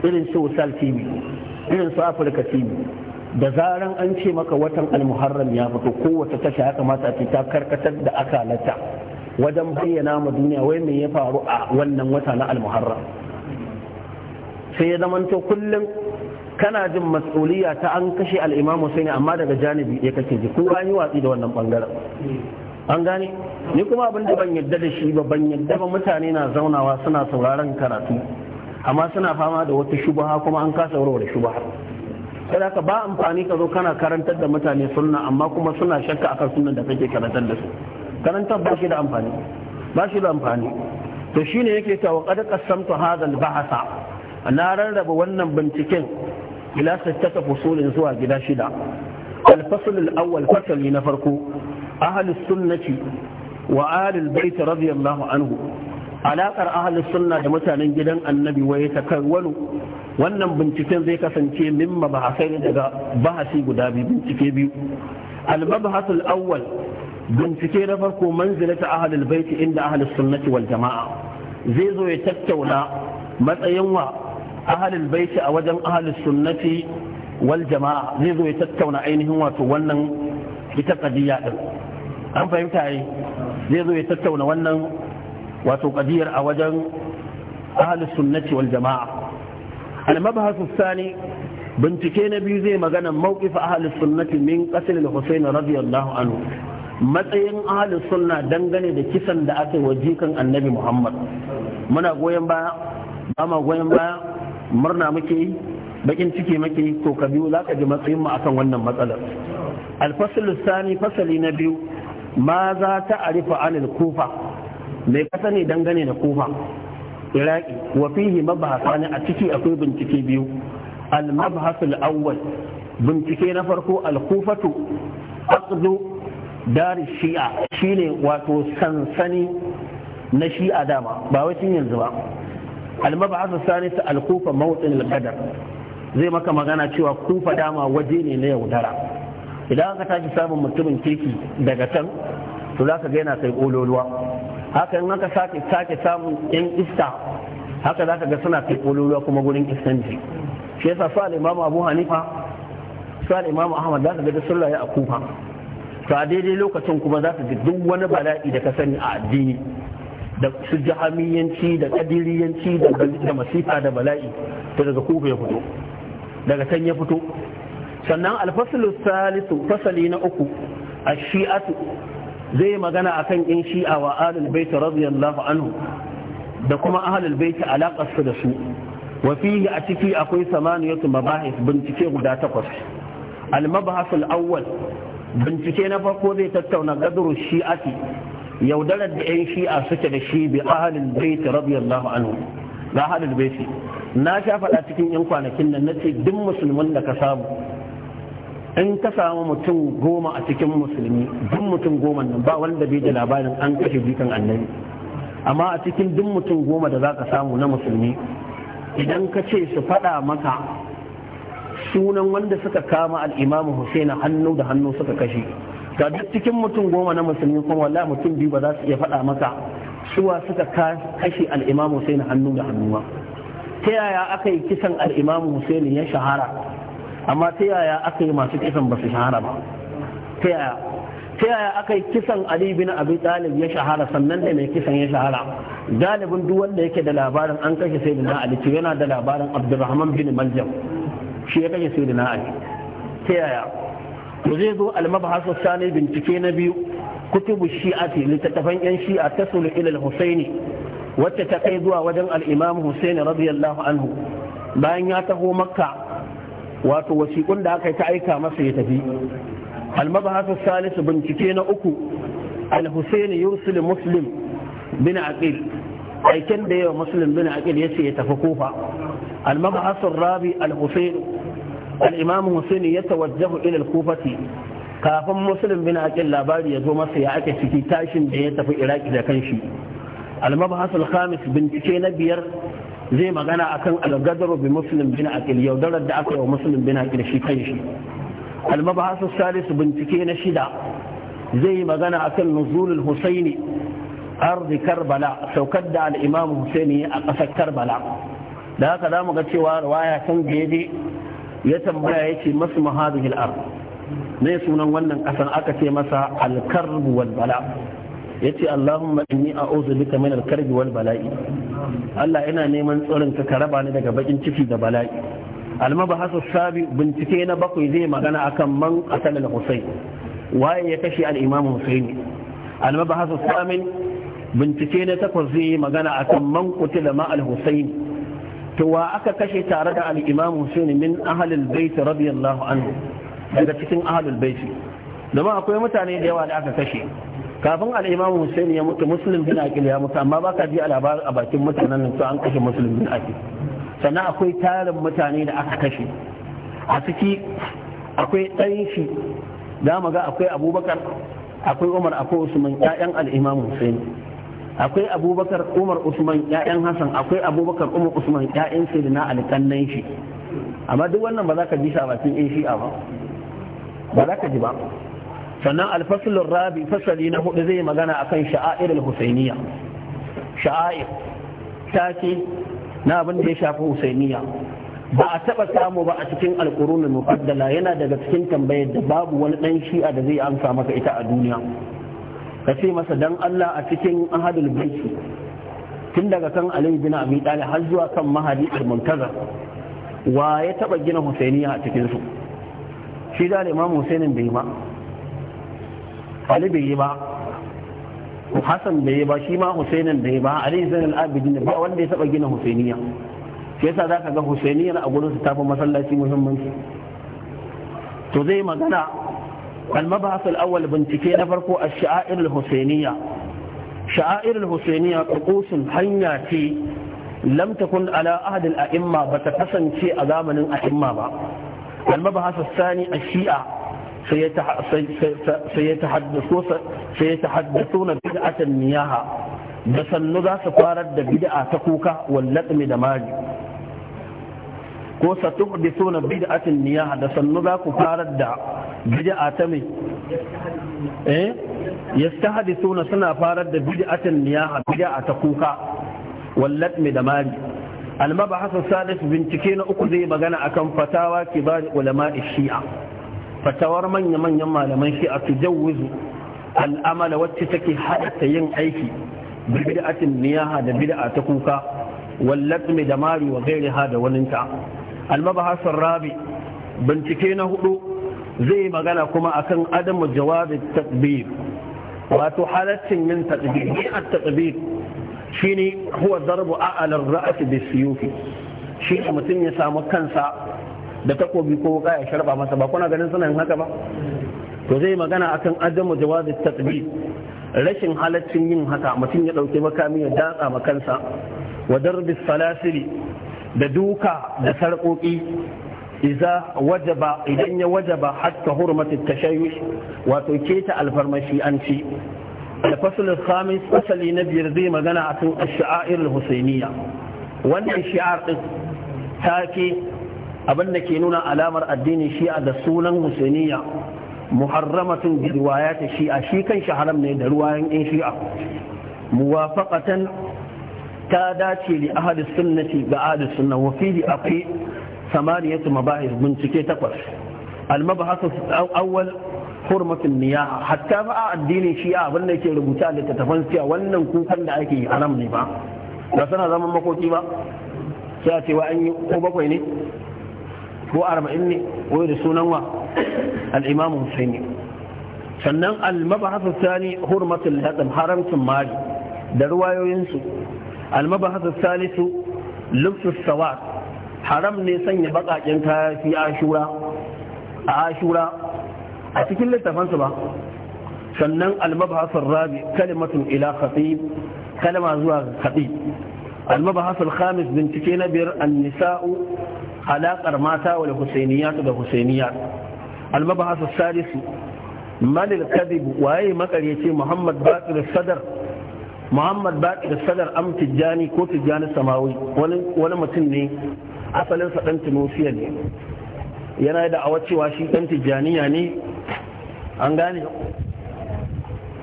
irin su usal tv irin su afirka tv da zaran an ce maka watan almuharram ya fito kowace tasha ya kamata a ce ta karkatar da akalata wajen bayyana ma duniya wai me ya faru a wannan wata na almuharram sai ya zamanto kullum kana jin masuliyya ta an kashe al'imamu sai ne amma daga janibi ya kake ji ko an yi watsi da wannan bangaren an gane ni kuma abin da ban yadda da shi ba ban yadda ba mutane na zaunawa suna sauraron karatu amma suna fama da wata shubaha kuma an kasa warware shubaha sai ka ba amfani ka zo kana karantar da mutane sunna amma kuma suna shakka akan sunnan da kake karantar da su karantar ba shi da amfani ba shi da amfani to shine yake cewa qad qasamtu hadha al na rarraba wannan binciken ila sittata fusulin zuwa gida shida al-fasl awwal fasali na farko ahlus sunnati wa alil bait radiyallahu anhu alaƙar ahalus sunna da mutanen gidan annabi waye ta karwalu wannan binciken zai kasance min mabahasai daga bahasi guda biyu bincike biyu al-mabhasul awwal bincike na farko manzilata ahlul baiti inda ahlus sunnati wal jama'a zai zo ya tattauna matsayin wa ahlul baiti a wajen ahlus sunnati wal jama'a zai zo ya tattauna ainihin wato wannan ita kadiya din an fahimta yi zai zo ya tattauna wannan wato kadiyar a wajen ahlus sunnati wal jama'a al-mabhasu thani bincike na biyu zai magana mawqif ahlus sunnati min qasl al-husayn radiyallahu anhu matsayin ahli sunna dangane da kisan da aka yi wajikan annabi muhammad muna goyon baya ba ma goyon baya murna muke bakin ciki muke to ka biyu za ka ji matsayin mu akan wannan matsalar alfasul sani fasali na biyu ma za ta arifa anil kufa mai ka sani dangane da kufa iraki wa fihi mabahasani a ciki akwai bincike biyu al mabhasul awwal bincike na farko al kufatu aqdu dari shi'a shine wato sansani na shi'a dama ba wai yanzu ba almabahasa ta alkufa mawutsin alkadar zai maka magana cewa kufa dama waje ne na yaudara idan aka tashi samun mutumin kirki daga can to za ka ga yana kai kololuwa haka in aka sake sake samun yan iska haka za ka ga suna kai kololuwa kuma gurin iskanci shi yasa sa al abu hanifa sa al ahmad za ka ga da sullaye a kufa to a daidai lokacin kuma za su ji duk wani bala'i da ka sani a addini da su jahamiyanci da kadiriyanci da masifa da bala'i to daga kufa ya fito daga can ya fito sannan alfasilu salisu fasali na uku a shi'atu zai magana akan in shi'a wa alul baiti radiyallahu anhu da kuma ahlul baiti alaƙar su da su wa fihi a ciki akwai samaniyatu mabahis bincike guda takwas al mabhasul awwal bincike na farko zai tattauna gaduru shi'ati yaudarar da 'yan shi'a suke da shi bi ahalin baiti radiyallahu anhu da ahalin baiti na sha faɗa cikin 'yan kwanakin nan na ce duk musulmin da ka samu in ka samu mutum goma a cikin musulmi duk mutum goma nan ba wanda bai da labarin an kashe jikan annabi amma a cikin duk mutum goma da za ka samu na musulmi idan ka ce su faɗa maka sunan wanda suka kama al'imamu husaina hannu da hannu suka kashe ga duk cikin mutum goma na musulmi kuma wallahi mutum biyu ba za su iya faɗa maka suwa suka kashe al'imamu husaina hannu da hannu ba ta yaya aka yi kisan al'imamu husaini ya shahara amma ta yaya aka yi masu kisan ba su shahara ba ta yaya aka yi kisan ali bin abi talib ya shahara sannan da mai kisan ya shahara galibin duk wanda yake da labarin an kashe sai da ali yana da labarin abdurrahman bin maljam shi ya sai da na ali ta yaya to zai zo almabhasu sani bincike na biyu kutubu shi'ati littattafan yan shi'a tasulu ila al-husaini wacce ta kai zuwa wajen al-imam husaini radiyallahu anhu bayan ya taho makka wato wasiƙun da aka yi ta aika masa ya tafi almabahasu salisu bincike na uku al-husaini yursul muslim bin aqil aiken da yawa muslim bin aqil ce ya tafi kofa almabahasu rabi al-husaini al'imamin imam ya tawajjahu ila kufati kafin muslim bin labari ya zo masa ya ake ciki tashin da ya tafi iraki da kanshi al-mabhas al-khamis bincike na biyar zai magana akan al-gadru bi muslim bin aqil yaudarar da aka yi wa muslim bin aqil shi kanshi al-mabhas al-salis bincike na shida zai yi magana akan nuzulul al-husaini ardi karbala saukar da al-imam husaini a ƙasar karbala da haka za mu ga cewa riwaya kan gede ya tambaya ya ce masu mahadihil ar ne sunan wannan kasan aka ce masa alkarb wal bala ya ce allahumma inni a'udhu bika min alkarb wal bala'i Allah ina neman tsoron ka raba ni daga bakin ciki da bala'i almabahasu sabi bincike na bakwai zai magana akan man qatala al-husayn waye ya kashe al-imam husayn almabahasu samin bincike na takwas zai magana akan man qutila ma al to wa aka kashe tare da al-imam Hussein min ahlul bait radiyallahu anhu daga cikin ahlul bait domin akwai mutane da yawa da aka kashe kafin al-imam Hussein ya mutu muslim bin aqil ya mutu amma baka ji labarin a bakin mutanen nan to an kashe muslim bin aqil sannan akwai tarin mutane da aka kashe a ciki akwai ɗan shi da ga akwai abubakar akwai umar akwai usman ƴaƴan al-imam Hussein akwai abubakar umar usman ya'yan hassan akwai abubakar umar usman ya'yan sayyidina ali kannan shi amma duk wannan ba za ka ji shi a bakin yan shi'a ba ba za ka ji ba sannan alfasulun rabi fasali na hudu zai magana a kan sha'air al-husainiya sha'air ce na abin da ya shafi husainiya ba a taɓa samu ba a cikin alkurun mufaddala yana daga cikin tambayar da babu wani ɗan shi'a da zai amsa maka ita a duniya ka ce masa dan Allah a cikin ahadul baiti tun daga kan Ali bin Abi Talib har zuwa kan Mahadi al muntaza wa ya taba gina Husainiya a cikin su shi da Imam Husainin bai ba Ali bai yi ba Hassan bai yi ba shi ma Husainin bai ba Ali zan al-Abidin ba wanda ya taba gina Husainiya shi yasa zaka ga Husainiya a gurin su tafi masallaci muhimmanci to zai magana المبحث الأول بنتكي نفرق الشعائر الحسينية شعائر الحسينية طقوس حياتي لم تكن على أحد الأئمة بتكسن شيء أداما الأئمة با. المبحث الثاني الشيعة سيتح... سي... سيتحدثون سيتحدثون بدعة المياه da sannu za su farar da bid'a ta kuka wallakmi da mari ko satuhdithuna bid'atin niyaha da sannu za ku farar da bid'a ta mai eh yastahdithuna suna farar da bid'atin niyaha bid'a ta kuka wallat mai da mari المبحث الثالث bincike na uku zai magana akan fatawa kibar ulama shi'a fatawar manya manyan malaman shi'a su tujawwizu al'amala wacce take halatta yin aiki bi bid'atin niyaha da bid'a ta kuka wallat mai da mari wa gairiha da waninta المبحث الرابع بنتكينا هدو زي ما قال كما أكن عدم جواب التطبيق وتحالة من تطبيق التطبيق شيني هو ضرب أعلى الرأس بالسيوف شيء متن يسامو كنسا da takobi ko wuka ya sharba masa ba kuna ganin suna yin haka ba to zai magana akan adamu jawazin tatbi rashin halaccin yin haka mutum ya dauke makami ya datsa makansa wa darbi salasili da duka da sarƙoƙi iza wajaba idan ya wajaba hatta hurmati tashayyush wato keta alfarmashi an ci da fasalin khamis fasali na biyar zai magana a kan ash-sha'air al-husainiyya wannan shi'ar din take abin da ke nuna alamar addinin shi'a da sunan husainiyya muharramatun bi riwayat shi'a shi kan shi haram ne da ruwayan in shi'a muwafaqatan ta dace li ahadis sunnati ga ahadis sunna wa fihi akwai samaniyatu mabahis bincike takwas al-mabahas awwal hurmatin niyaha hatta ba a addinin shi'a abin da yake rubuta a littattafan siya wannan kukan da ake yi haram ne ba ba suna zaman makoki ba sai a ce wa an yi ko bakwai ne ko arba'in ne ko da sunan wa al-imamu husaini sannan al-mabahasu thani hurmatul hadam haramcin mali da ruwayoyinsu المبحث الثالث لبس السواد haram ne sanya baƙaƙen kaya fi ashura a ashura a cikin littafansu ba sannan almabhasul rabi kalimatun ila khatib kalama zuwa khatib almabhasul khamis bincike na biyar annisa'u alaƙar mata wal husainiyat da husainiyat almabhasul salisu malil kadhib waye makaryaci muhammad baqir sadar muhammad baki da sadar am tijjani ko tijjani samawi wani mutum ne asalin sa dan ne yana da awa cewa shi dan tijjaniya ne an gane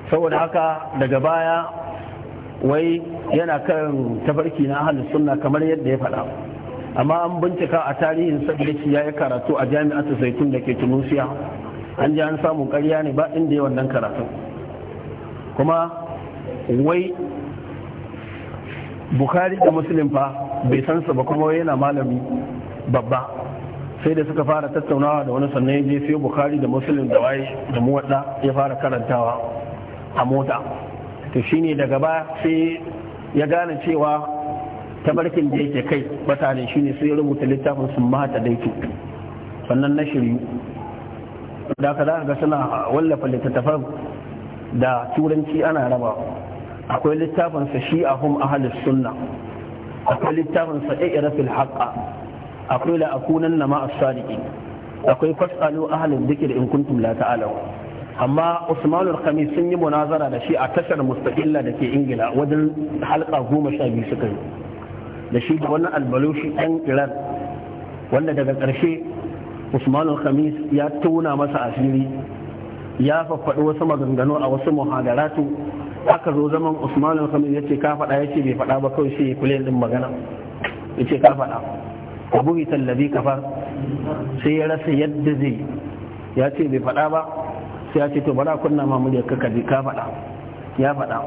saboda haka daga baya wai yana kan tafarki na ahalin sunna kamar yadda ya faɗa amma an bincika a tarihin shi ya yi karatu a jami'ar zaitun da ke tunisiya an ji an samu karya ne ba inda ya wannan karatun kuma wai bukari da musulun fa bai san su ba kuma wai yana malami babba sai da suka fara tattaunawa da wani sannan ya je sai bukari da musulun da waye da muwadda ya fara karantawa a mota to shine daga ba sai ya gane cewa tabarkin da yake kai batane shine sai ya rubuta littafin sun mata daiki sannan na shiryu da ka za ga suna wallafa littattafan da turanci ana raba akwai littafin sa hum ahlus sunna akwai littafin sa i'rafil haqqa akwai la akunanna nama as-sadiqin akwai fasalu ahlul dhikr in kuntum la ta'lamun amma usmanul khamis sun yi munazara da shi a tashar mustaqilla da ke ingila wajen halka goma sha biyu suka yi da shi da wannan albalushi ɗan iran wanda daga ƙarshe usmanul khamis ya tona masa asiri ya faffaɗi wasu maganganu a wasu muhadaratu aka zo zaman usman al-khamis yace ka faɗa yace bai faɗa ba kawai sai kule din magana yace ka faɗa abu bi tallabi kafar sai ya rasa yadda zai yace bai faɗa ba sai yace to bara kunna ma muryar ka kaji ka faɗa ya faɗa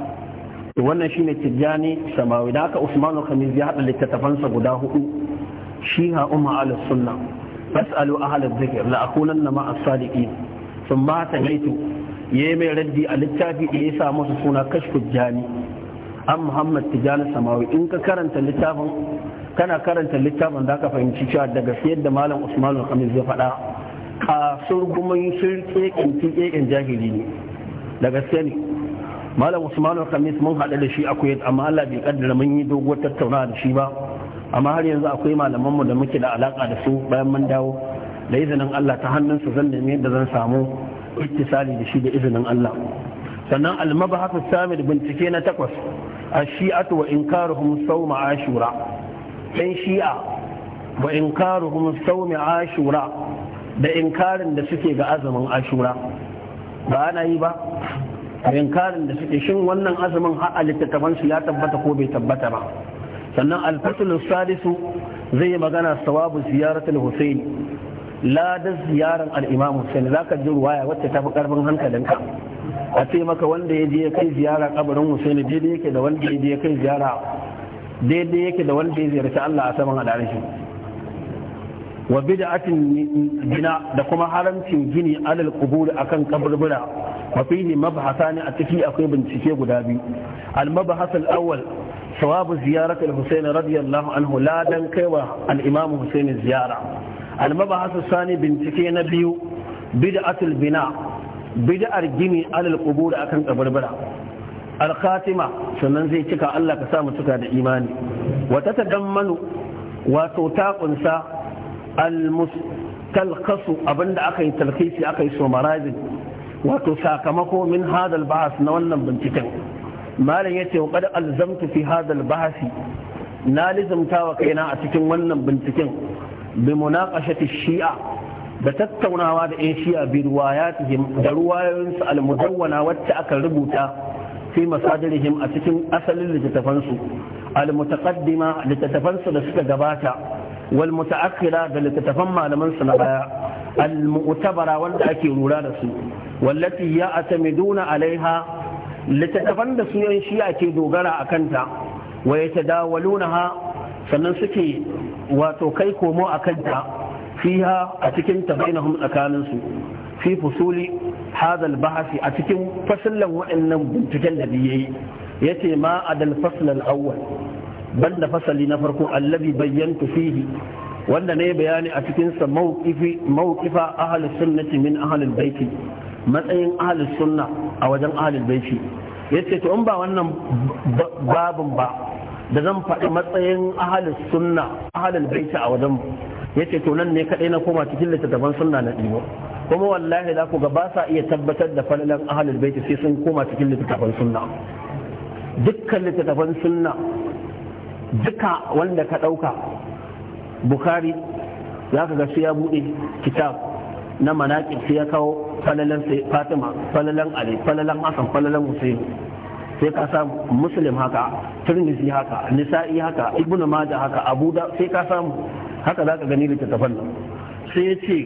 to wannan shine tijjani samawi da haka usman al-khamis ya hada littattafansa guda hudu shiha umma al-sunna fas'alu ahla adh-dhikr la akulanna ma as-sadiqin thumma taitu ya mai raddi a littafi da ya sa masa suna kashfu jani an muhammad tijani samawi in ka karanta littafin kana karanta littafin za ka fahimci cewa daga siyar da malam usman al-khamis zai faɗa kasur kuma sun tsekin tsekin jahili ne da gaskiya ne malam usman al-khamis mun haɗu da shi akwai amma Allah bai kaddara mun yi doguwar tattaunawa da shi ba amma har yanzu akwai malaman mu da muke da alaka da su bayan mun dawo da izinin Allah ta hannunsu zan nemi yadda zan samu ittisali da shi da izinin Allah sannan al-mabhath samir bincike na takwas ash-shi'atu wa inkaruhum sawm ashura dan shi'a wa inkaruhum sawm ashura da inkarin da suke ga azumin ashura ba ana yi ba inkarin da suke shin wannan azumin har littattafan su ya tabbata ko bai tabbata ba sannan al Salisu zai sadisu zai magana sawabu ziyaratul husayn ladar ziyarar al'imamu sai za ka ji ruwaya wacce ta fi karfin hankalinka a ce maka wanda ya je ya kai ziyara kabarin Hussein daidai yake da wanda ya je ya kai ziyara daidai yake da wanda ya ziyarci Allah a saman al'arshi wa bid'atin gina da kuma haramcin gini alal qubur akan kaburbura wa fihi mabhathani a ciki akwai bincike guda biyu al mabhath al awwal ثواب زيارة الحسين radiyallahu anhu ladan لا دنكوا الإمام حسين ziyara. almabahasu sani bincike na biyu bida asul bina bida'ar gini alal kubura akan kabarbara alkhatima sannan zai cika allah ka samu cika da imani wata ta dan manu wato ta kunsa almustalkasu abinda aka yi talkisi aka yi somarizing wato sakamako min hadal bahas na wannan binciken malam ya ce wa kada alzamtu fi hadal bahasi na lizamta kaina a cikin wannan binciken bi munaqashati shi'a da tattaunawa da yan shi'a bi ruwayatihim da ruwayoyinsu almudawwana wacce aka rubuta fi masadirihim a cikin asalin littattafansu almutaqaddima litattafansu da suka gabata wal mutaakhira da litattafan malaman su na baya almu'tabara wanda ake lura da su wallati ya atamiduna alaiha littattafan da su yan shi'a ke dogara a kanta wa yatadawaluna sannan suke wato kai komo a kanta fiha a cikin tabainahum tsakaninsu fi fusuli hadal bahasi a cikin fasallan waɗannan binciken da biye ya ce ma adal fasalal awwal banda fasali na farko allabi bayyantu fihi wanda ne bayani a cikinsa mawqifa ahli sunnati min ahli baiti matsayin ahli sunna a wajen ahli baiti yace to in ba wannan babin ba da zan faɗi matsayin ahalin sunna ahalin baita a wajen ya ce to nan ne kaɗai na koma cikin littattafan sunna na ɗigo, kuma wallahi za ku ga ba sa iya tabbatar da falalan ahalin baita sai sun koma cikin littattafan sunna dukkan littattafan sunna duka wanda ka ɗauka bukari za ka ga su ya buɗe kitab na manaƙi sai ya kawo falalan fatima falalan ali falalan asan falalan hussein sai ka sa muslim haka turmizi haka nisa'i haka ibnu majah haka abu da sai ka samu haka zaka gani littattafan nan sai ya ce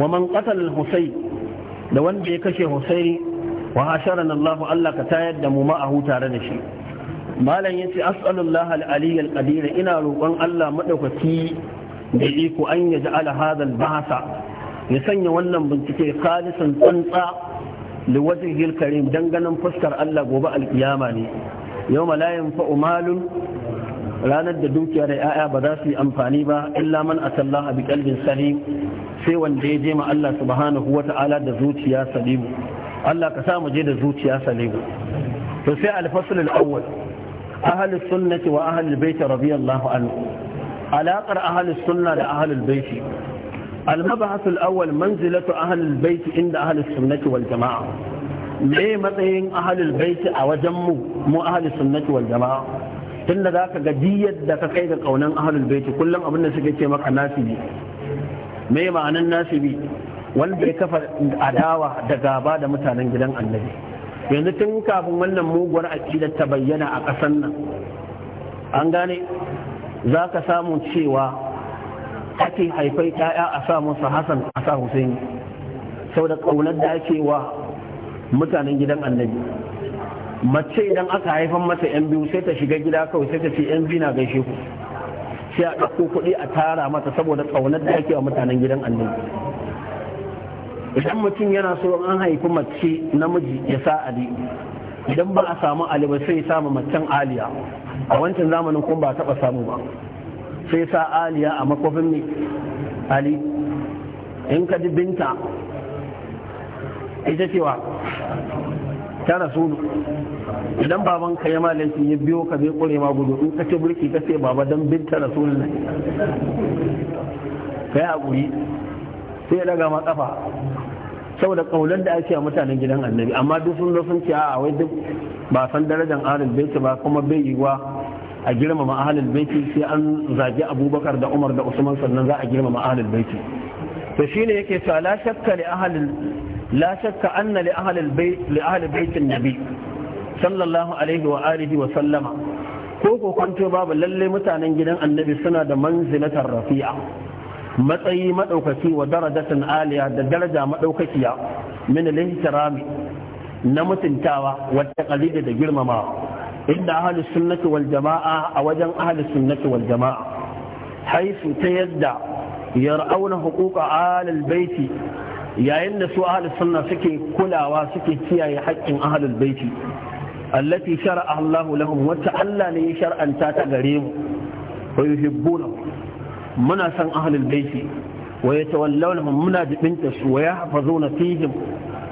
wa man qatal husayn da wanda ya kashe husayn wa hasharan Allah Allah ka tayar da mu ma'ahu tare da shi malam yace as'alullah al-ali al-qadir ina roƙon Allah madaukaki da iko an yaj'ala hadha al-bahsa ya sanya wannan bincike khalisan tsantsa liwajhil karim dan ganin fuskar Allah gobe alkiyama ne yau ma malayin fa'umalun ranar da dukiya da ‘ya'ya ba za su yi amfani ba illa man a tallaha bi kalbin salim sai wanda ya je ma Allah subhanahu wa ta'ala da zuciya salimu Allah ka sa mu je da zuciya salimu to sai alfasul al-awwal ahlus sunnati wa ahlul bait radiyallahu anhu alaqar ahlus sunna da ahlul bait al-mabhath al-awwal manzilatu ahlul bait inda ahlus sunnati wal jama'a me matsayin ahalul baiti a wajen mu mu ahalul sunnati wal jama'a tunda za ka ga yadda da ka kai ga kaunan ahalul baiti kullum abin da suke ce maka nasibi me ma'anan nasibi wanda ya kafa adawa da gaba da mutanen gidan annabi yanzu tun kafin wannan muguwar aƙidar ta bayyana a ƙasar nan an gane za ka samu cewa ake haifai 'ya'ya a sa hassan a sa husaini sau da ƙaunar da ake wa mutanen gidan annabi mace idan aka haifan mata yan biyu sai ta shiga gida kawai sai ta ce yan biyu na gaishe ku sai a ɗauko kuɗi a tara mata saboda ƙaunar da ake wa mutanen gidan annabi idan mutum yana so an haifi mace namiji ya sa ali idan ba a samu ali ba sai ya samu macen aliya a wancan zamanin kun ba taɓa samu ba sai sa aliya a makofin ali in ka ji binta ita cewa ta rasulu idan baban ka ya malaiti ya biyo ka zai kure ma gudu in kace burki ka ce baba dan binta rasulun nan yi hakuri sai ya daga ma kafa saboda ƙaunar da ake a mutanen gidan annabi amma duk sun sun ce a wai duk ba san darajar ahalin baiti ba kuma bai wa a girmama ahalin baiti sai an zagi abubakar da umar da usman sannan za a girmama ahalin baiti to ne yake cewa la shakka li ahalin la shakka anna li nabi sallallahu alaihi wa wa sallama ko ko babu lallai mutanen gidan annabi suna da manzilatar rafi'a matsayi madaukaki wa darajatan aliya da daraja madaukakiya min al-ihtirami na mutuntawa wata kalida da girmama. inda ahli sunnati wal jama'a a wajen ahli sunnati wal jama'a haisu ta yadda ya huquqa alal baiti yayin da su ahlus sunna suke kulawa suke kiyaye haƙƙin ahlul baiti allati shar'a Allahu lahum wata Allah ne ya shar'anta ta gare mu wa yuhibbuna muna san ahlul baiti wa yatawallawnahum muna jibinta su wa yahfazuna fihim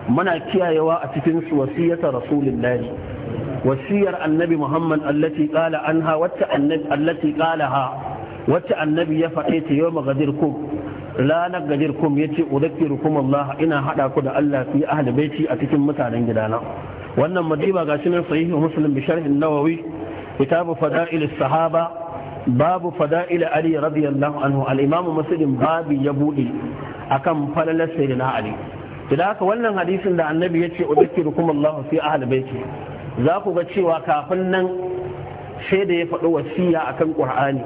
muna kiyayewa a cikin su wasiyata rasulillahi wasiyar annabi muhammad allati qala anha wacce annabi allati qalaha wacce annabi ya faɗe ta yau magadir ku la ce yace udhakkirukum Allah ina hada ku da Allah fi ahli baiti a cikin mutanen gidana wannan madiba gashi nan sahihu muslim bi sharh an-nawawi kitab fada'il as-sahaba babu fada'il ali radiyallahu anhu al-imam muslim babi ya bude akan falalar sayyidina ali idan haka wannan hadisin da annabi yace udhakkirukum Allah fi ahli baiti za ku ga cewa kafin nan sai da ya faɗo wasiya akan qur'ani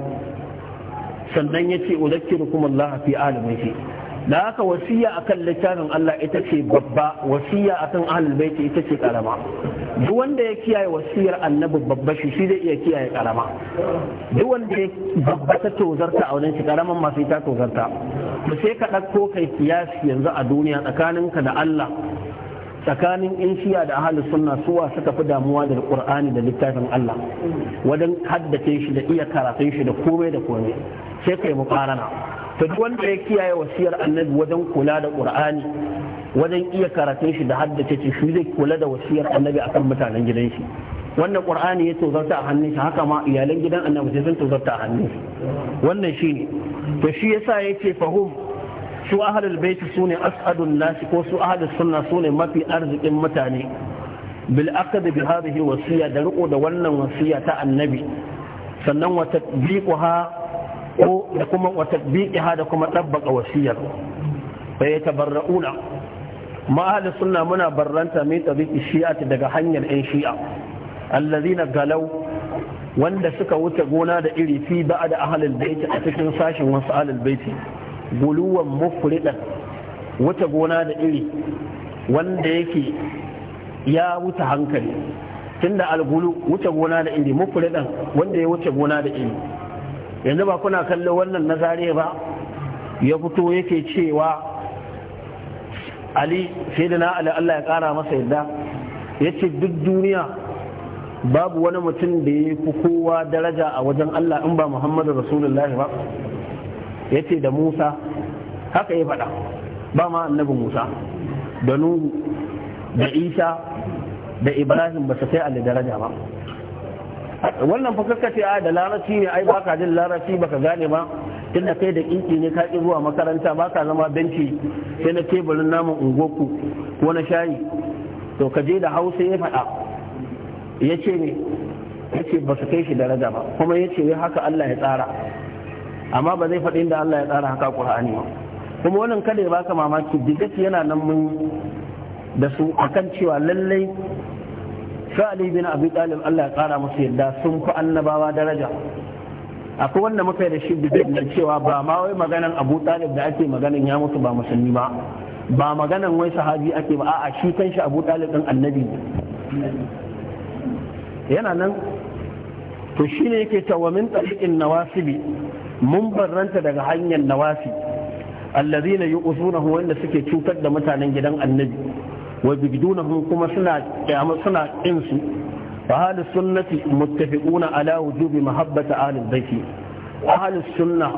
sannan ya ce udakkirukum Allah fi alibaiti da haka wasiya akan littafin Allah ita ce babba wasiya akan kan baiti ita ce karama duk wanda ya kiyaye wasiyar annabi babba shi shi zai iya kiyaye karama duk wanda ya babba ta tozarta a wajen shi karaman masu ita tozarta to sai ka ɗauko kai kiyasi yanzu a duniya tsakaninka da Allah tsakanin in shiya da ahalus sunna suwa suka fi damuwa da qur'ani da littafin Allah wajen haddace shi da iya karatun shi da komai da komai sai kai muqarana to duk wanda ya kiyaye wasiyar annabi wajen kula da qur'ani wajen iya karatun shi da haddace shi shi zai kula da wasiyar annabi akan mutanen gidan shi wannan qur'ani ya tozarta a hannun shi haka ma iyalan gidan annabi sai sun tozarta a hannun shi wannan shine to shi yasa yace fahum su baiti su sune as'adun nasi ko su ahalul sunna ne mafi arzikin mutane bil aqd bi hadhihi wasiya da riko da wannan wasiya ta annabi sannan wa tatbiquha ko da kuma wa tatbiqiha da kuma dabbaka wasiyar fa yatabarrauna ma ahalul sunna muna barranta mai tabiqi shi'a daga hanyar yan shi'a allazina galau wanda suka wuce gona da iri fi ba da ahlul bait a cikin sashin wasu ahlul bait buluwan mufridan wuce gona da iri wanda yake ya wuce hankali tunda algulu wuce gona da iri mufridan wanda ya wuce gona da iri yanzu ba kuna kallo wannan na zare ba ya fito yake cewa ali sai da na Allah ya kara masa yadda ya ce duk duniya babu wani mutum da ya fi kowa daraja a wajen Allah in ba Muhammadu Rasulullahi ba ya da musa haka ya faɗa ba ma annabi musa da nuhu da isa da ibrahim ba su kai ali daraja ba wannan fa ce a da larabci ne ai baka jin larabci baka gane ba tunda kai da kinki ne ka ki zuwa makaranta baka zama benci sai na teburin namun ungoku ko na shayi to ka je da hausa ya faɗa ya ne ya ba su kai shi daraja ba kuma yace ce haka Allah ya tsara amma ba zai faɗi inda Allah ya tsara haka Qur'ani ba kuma wannan kada ya baka mamaki bidati yana nan mun da su akan cewa lallai Sa'ali bin Abi Talib Allah ya tsara musu yadda sun fi annabawa daraja akwai wanda muka yi da shi da cewa ba ma wai maganan Abu Talib da ake maganan ya mutu ba musulmi ba ba maganan wai sahabi ake ba a'a shi kanshi Abu Talib din annabi yana nan to shine yake tawamin wa tariqin nawasibi mun barranta daga hanyar nawafi allazina yu'thunahu wanda suke cutar da mutanen gidan annabi wa bigdunahum kuma suna kiyama suna kin su fa hal sunnati muttafiquna ala wujubi mahabbati ahli baiti hal sunnah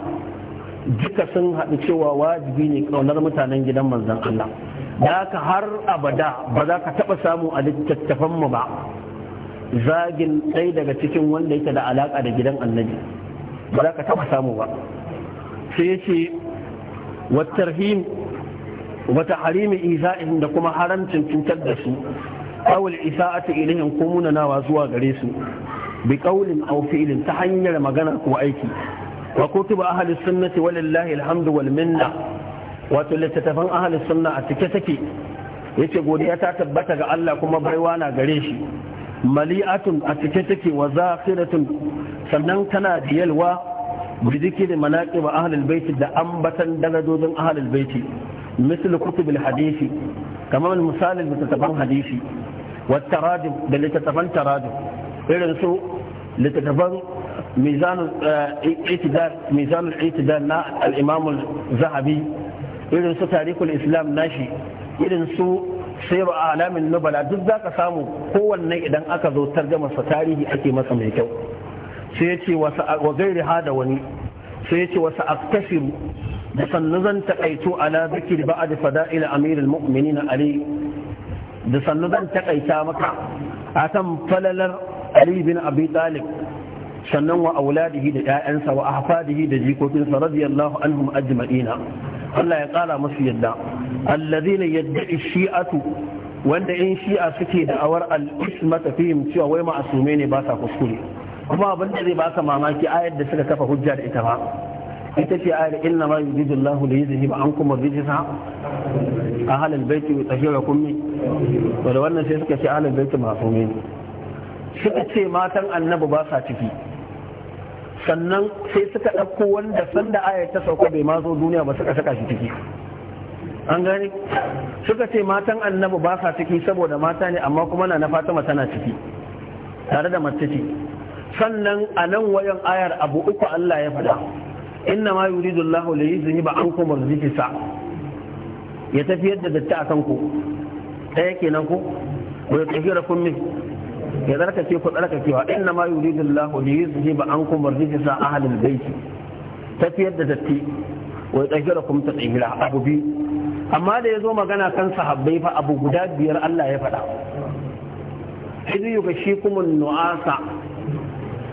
duka sun haɗu cewa wajibi ne ƙaunar mutanen gidan manzon Allah da haka har abada ba za ka taɓa samu a littattafan mu ba zagin ɗaya daga cikin wanda yake da alaƙa da gidan annabi ba za ka taɓa samu ba sai ya ce wata harimi iza'in da kuma haramcin cutar da su kawul isa'atu ilahin ko munanawa zuwa gare su bi kaulin aw fi'lin ta hanyar magana ko aiki wa kutuba ahli sunnati walillahi alhamdu wal minna wato littattafan ahli sunna a cike take yace godiya ta tabbata ga Allah kuma baiwa na gare shi mali'atun a cike take wa zafiratun sannan tana da yalwa bi zikri manaqib ahlul baiti da ambatan daladodin ahlul baiti misal kutub hadisi kamar misalin littattafan hadisi wa taradim da littattafan taradim irin su littattafan mizanul eh, itidal mizanul itidal na al-imam zahabi irin su tarikul islam nashi irin su sai ba alamin nubala duk za ka samu kowanne idan aka zo tarjamarsa tarihi ake masa mai kyau sai ya ce wa gairi hada wani sai ya ce wasu aktasiru da sannu zan takaito ala zikir ba a da fada'il amirul mu'minin ali da sannu zan takaita maka a kan falalar ali bin abi talib sannan wa auladihi da 'ya'yansa wa ahfadihi da jikokinsa radiyallahu anhum ajma'ina Allah ya ƙara musu yadda allazina yadda shi'atu wanda in shi'a suke da awar al-ismata fihim cewa wai ma ma'asume ne ba sa kuskure kuma abin da zai baka mamaki ayar da suka kafa hujja da ita ba ita ce ayar inna ma yuridu Allahu li yuzhiba ankum ar-rijsa ahal al-bayti wa tahirakum to da wannan sai suka ce ahal al-bayti ma'asume ne suka ce matan annabi ba sa ciki sannan sai suka ɗauko wanda sanda aya ta sauka bai ma zo duniya ba suka saka shi ciki an gani suka ce matan annabi ba sa ciki saboda mata ne amma kuma na na fatima tana ciki tare da mace ce sannan a nan wayan ayar abu uku Allah ya faɗa inna ma yuridu Allahu li yuzhiba ankum rizqisa ya tafiyar da datti akan ku ɗaya kenan ku wa yutahhirakum min ya tsarkake ku wa inna ma yuridullahu li yuzhiba ankum ar-rijsa ahlul bayt tafiyar da datti wa yutahhirakum tsira abu bi amma da yazo magana kan sahabbai fa abu guda biyar Allah ya faɗa idu shi kuma nuasa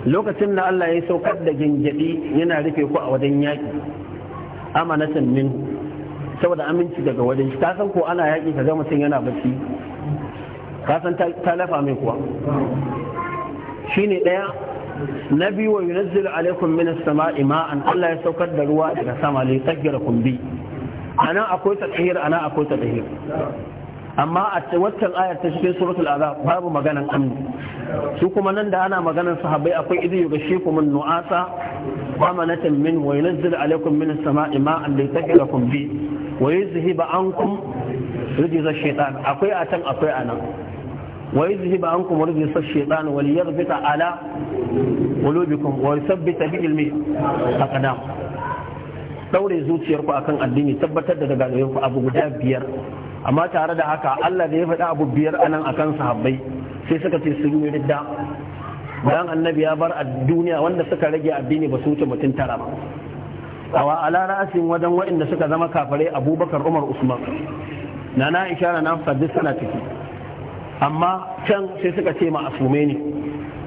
lokacin da Allah ya saukar da gingidi yana rufe ku a wajen yaki amanatan min saboda aminci daga wajen shi ka san ko ana yaki ka ga mutum yana bacci kasan ta lafa mai kuwa ne ɗaya na biyu wa yunazzilu alaikum min as-sama'i ma'an Allah ya saukar da ruwa daga sama li tahhirakum bi ana akwai tahhir ana akwai tahhir amma a waccan ayar ta cikin suratul azab babu maganan amni su kuma nan da ana maganan sahabbai akwai idan yuga shi kuma nu'asa amanatan min wa yunazzilu alaikum min as-sama'i ma'an li tahhirakum bi wa yuzhiba ankum rijza ash-shaytan akwai a can akwai a nan ويذهب عنكم رجس الشيطان وليربط على قلوبكم ويثبت به الأقدام daure zuciyarku akan addini tabbatar da dagalayenku abu guda biyar amma tare da haka Allah da ya faɗa abu biyar anan akan sahabbai sai suka ce su yi ridda bayan annabi ya bar duniya wanda suka rage addini ba su wuce mutum tara ba awa ala ra'asin wajen waɗanda suka zama kafare abubakar umar usman na na isha na nafsa duk suna ciki amma can sai suka ce ma asume ne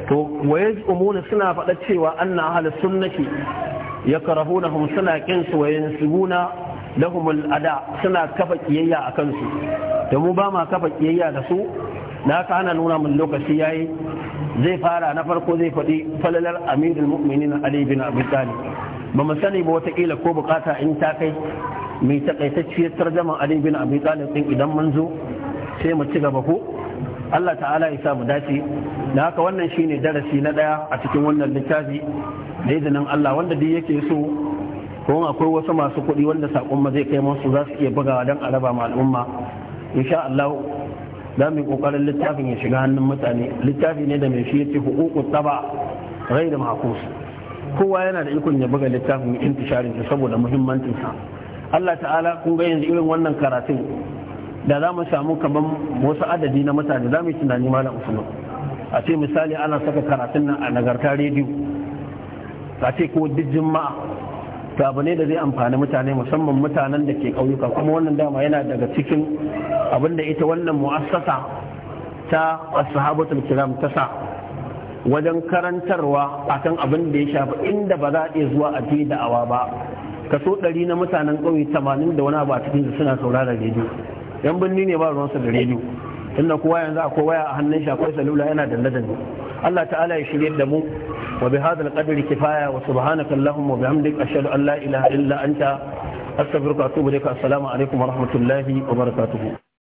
to waye umuna suna faɗa cewa anna ahli sunnati yakrahunahum suna kin su wayan suguna lahum ada suna kafa kiyayya akan su da mu ba ma kafa kiyayya da su na ka ana nuna mun lokaci yayi zai fara na farko zai faɗi falalar aminul mu'minin ali bin abi talib ba mu sani ba watakila ko bukata in ta kai mai takaitacciyar tarjaman ali bin abi talib din idan mun zo sai mu ci gaba ko Allah ta'ala ya mu dace da haka wannan shine darasi na daya a cikin wannan littafi da izinin Allah wanda duk yake so Ko akwai wasu masu kuɗi wanda sakon ma zai kai musu za su iya bugawa don a raba ma al'umma insha Allah za mu yi kokarin littafin ya shiga hannun mutane littafi ne da mai shi yace huququt taba ghairu mahfuz kowa yana da ikon ya buga littafin intisharin saboda muhimmancin sa Allah ta'ala kun ga yanzu irin wannan karatun da za mu samu kamar wasu adadi na mutane za mu yi tunani malam usman a ce misali ana saka karatun nan a nagarta rediyo a ce ko duk juma'a to abu ne da zai amfani mutane musamman mutanen da ke ƙauyuka kuma wannan dama yana daga cikin abin da ita wannan mu'assasa ta ashabatul kiram ta sa wajen karantarwa akan abin da ya shafi inda ba za a iya zuwa a da'awa ba kaso ɗari na mutanen ƙauye tamanin da wani abu a cikin suna saurara rediyo yan birni ne ba ruwansa da rediyo tunda kowa yanzu akwai waya a hannun shi akwai salula yana danne danne Allah ta'ala ya shirye da mu wa bi hadal qadri kifaya wa subhanaka allahumma wa bihamdik ashhadu an la ilaha illa anta astaghfiruka wa atubu ilaik assalamu alaikum wa rahmatullahi wa barakatuh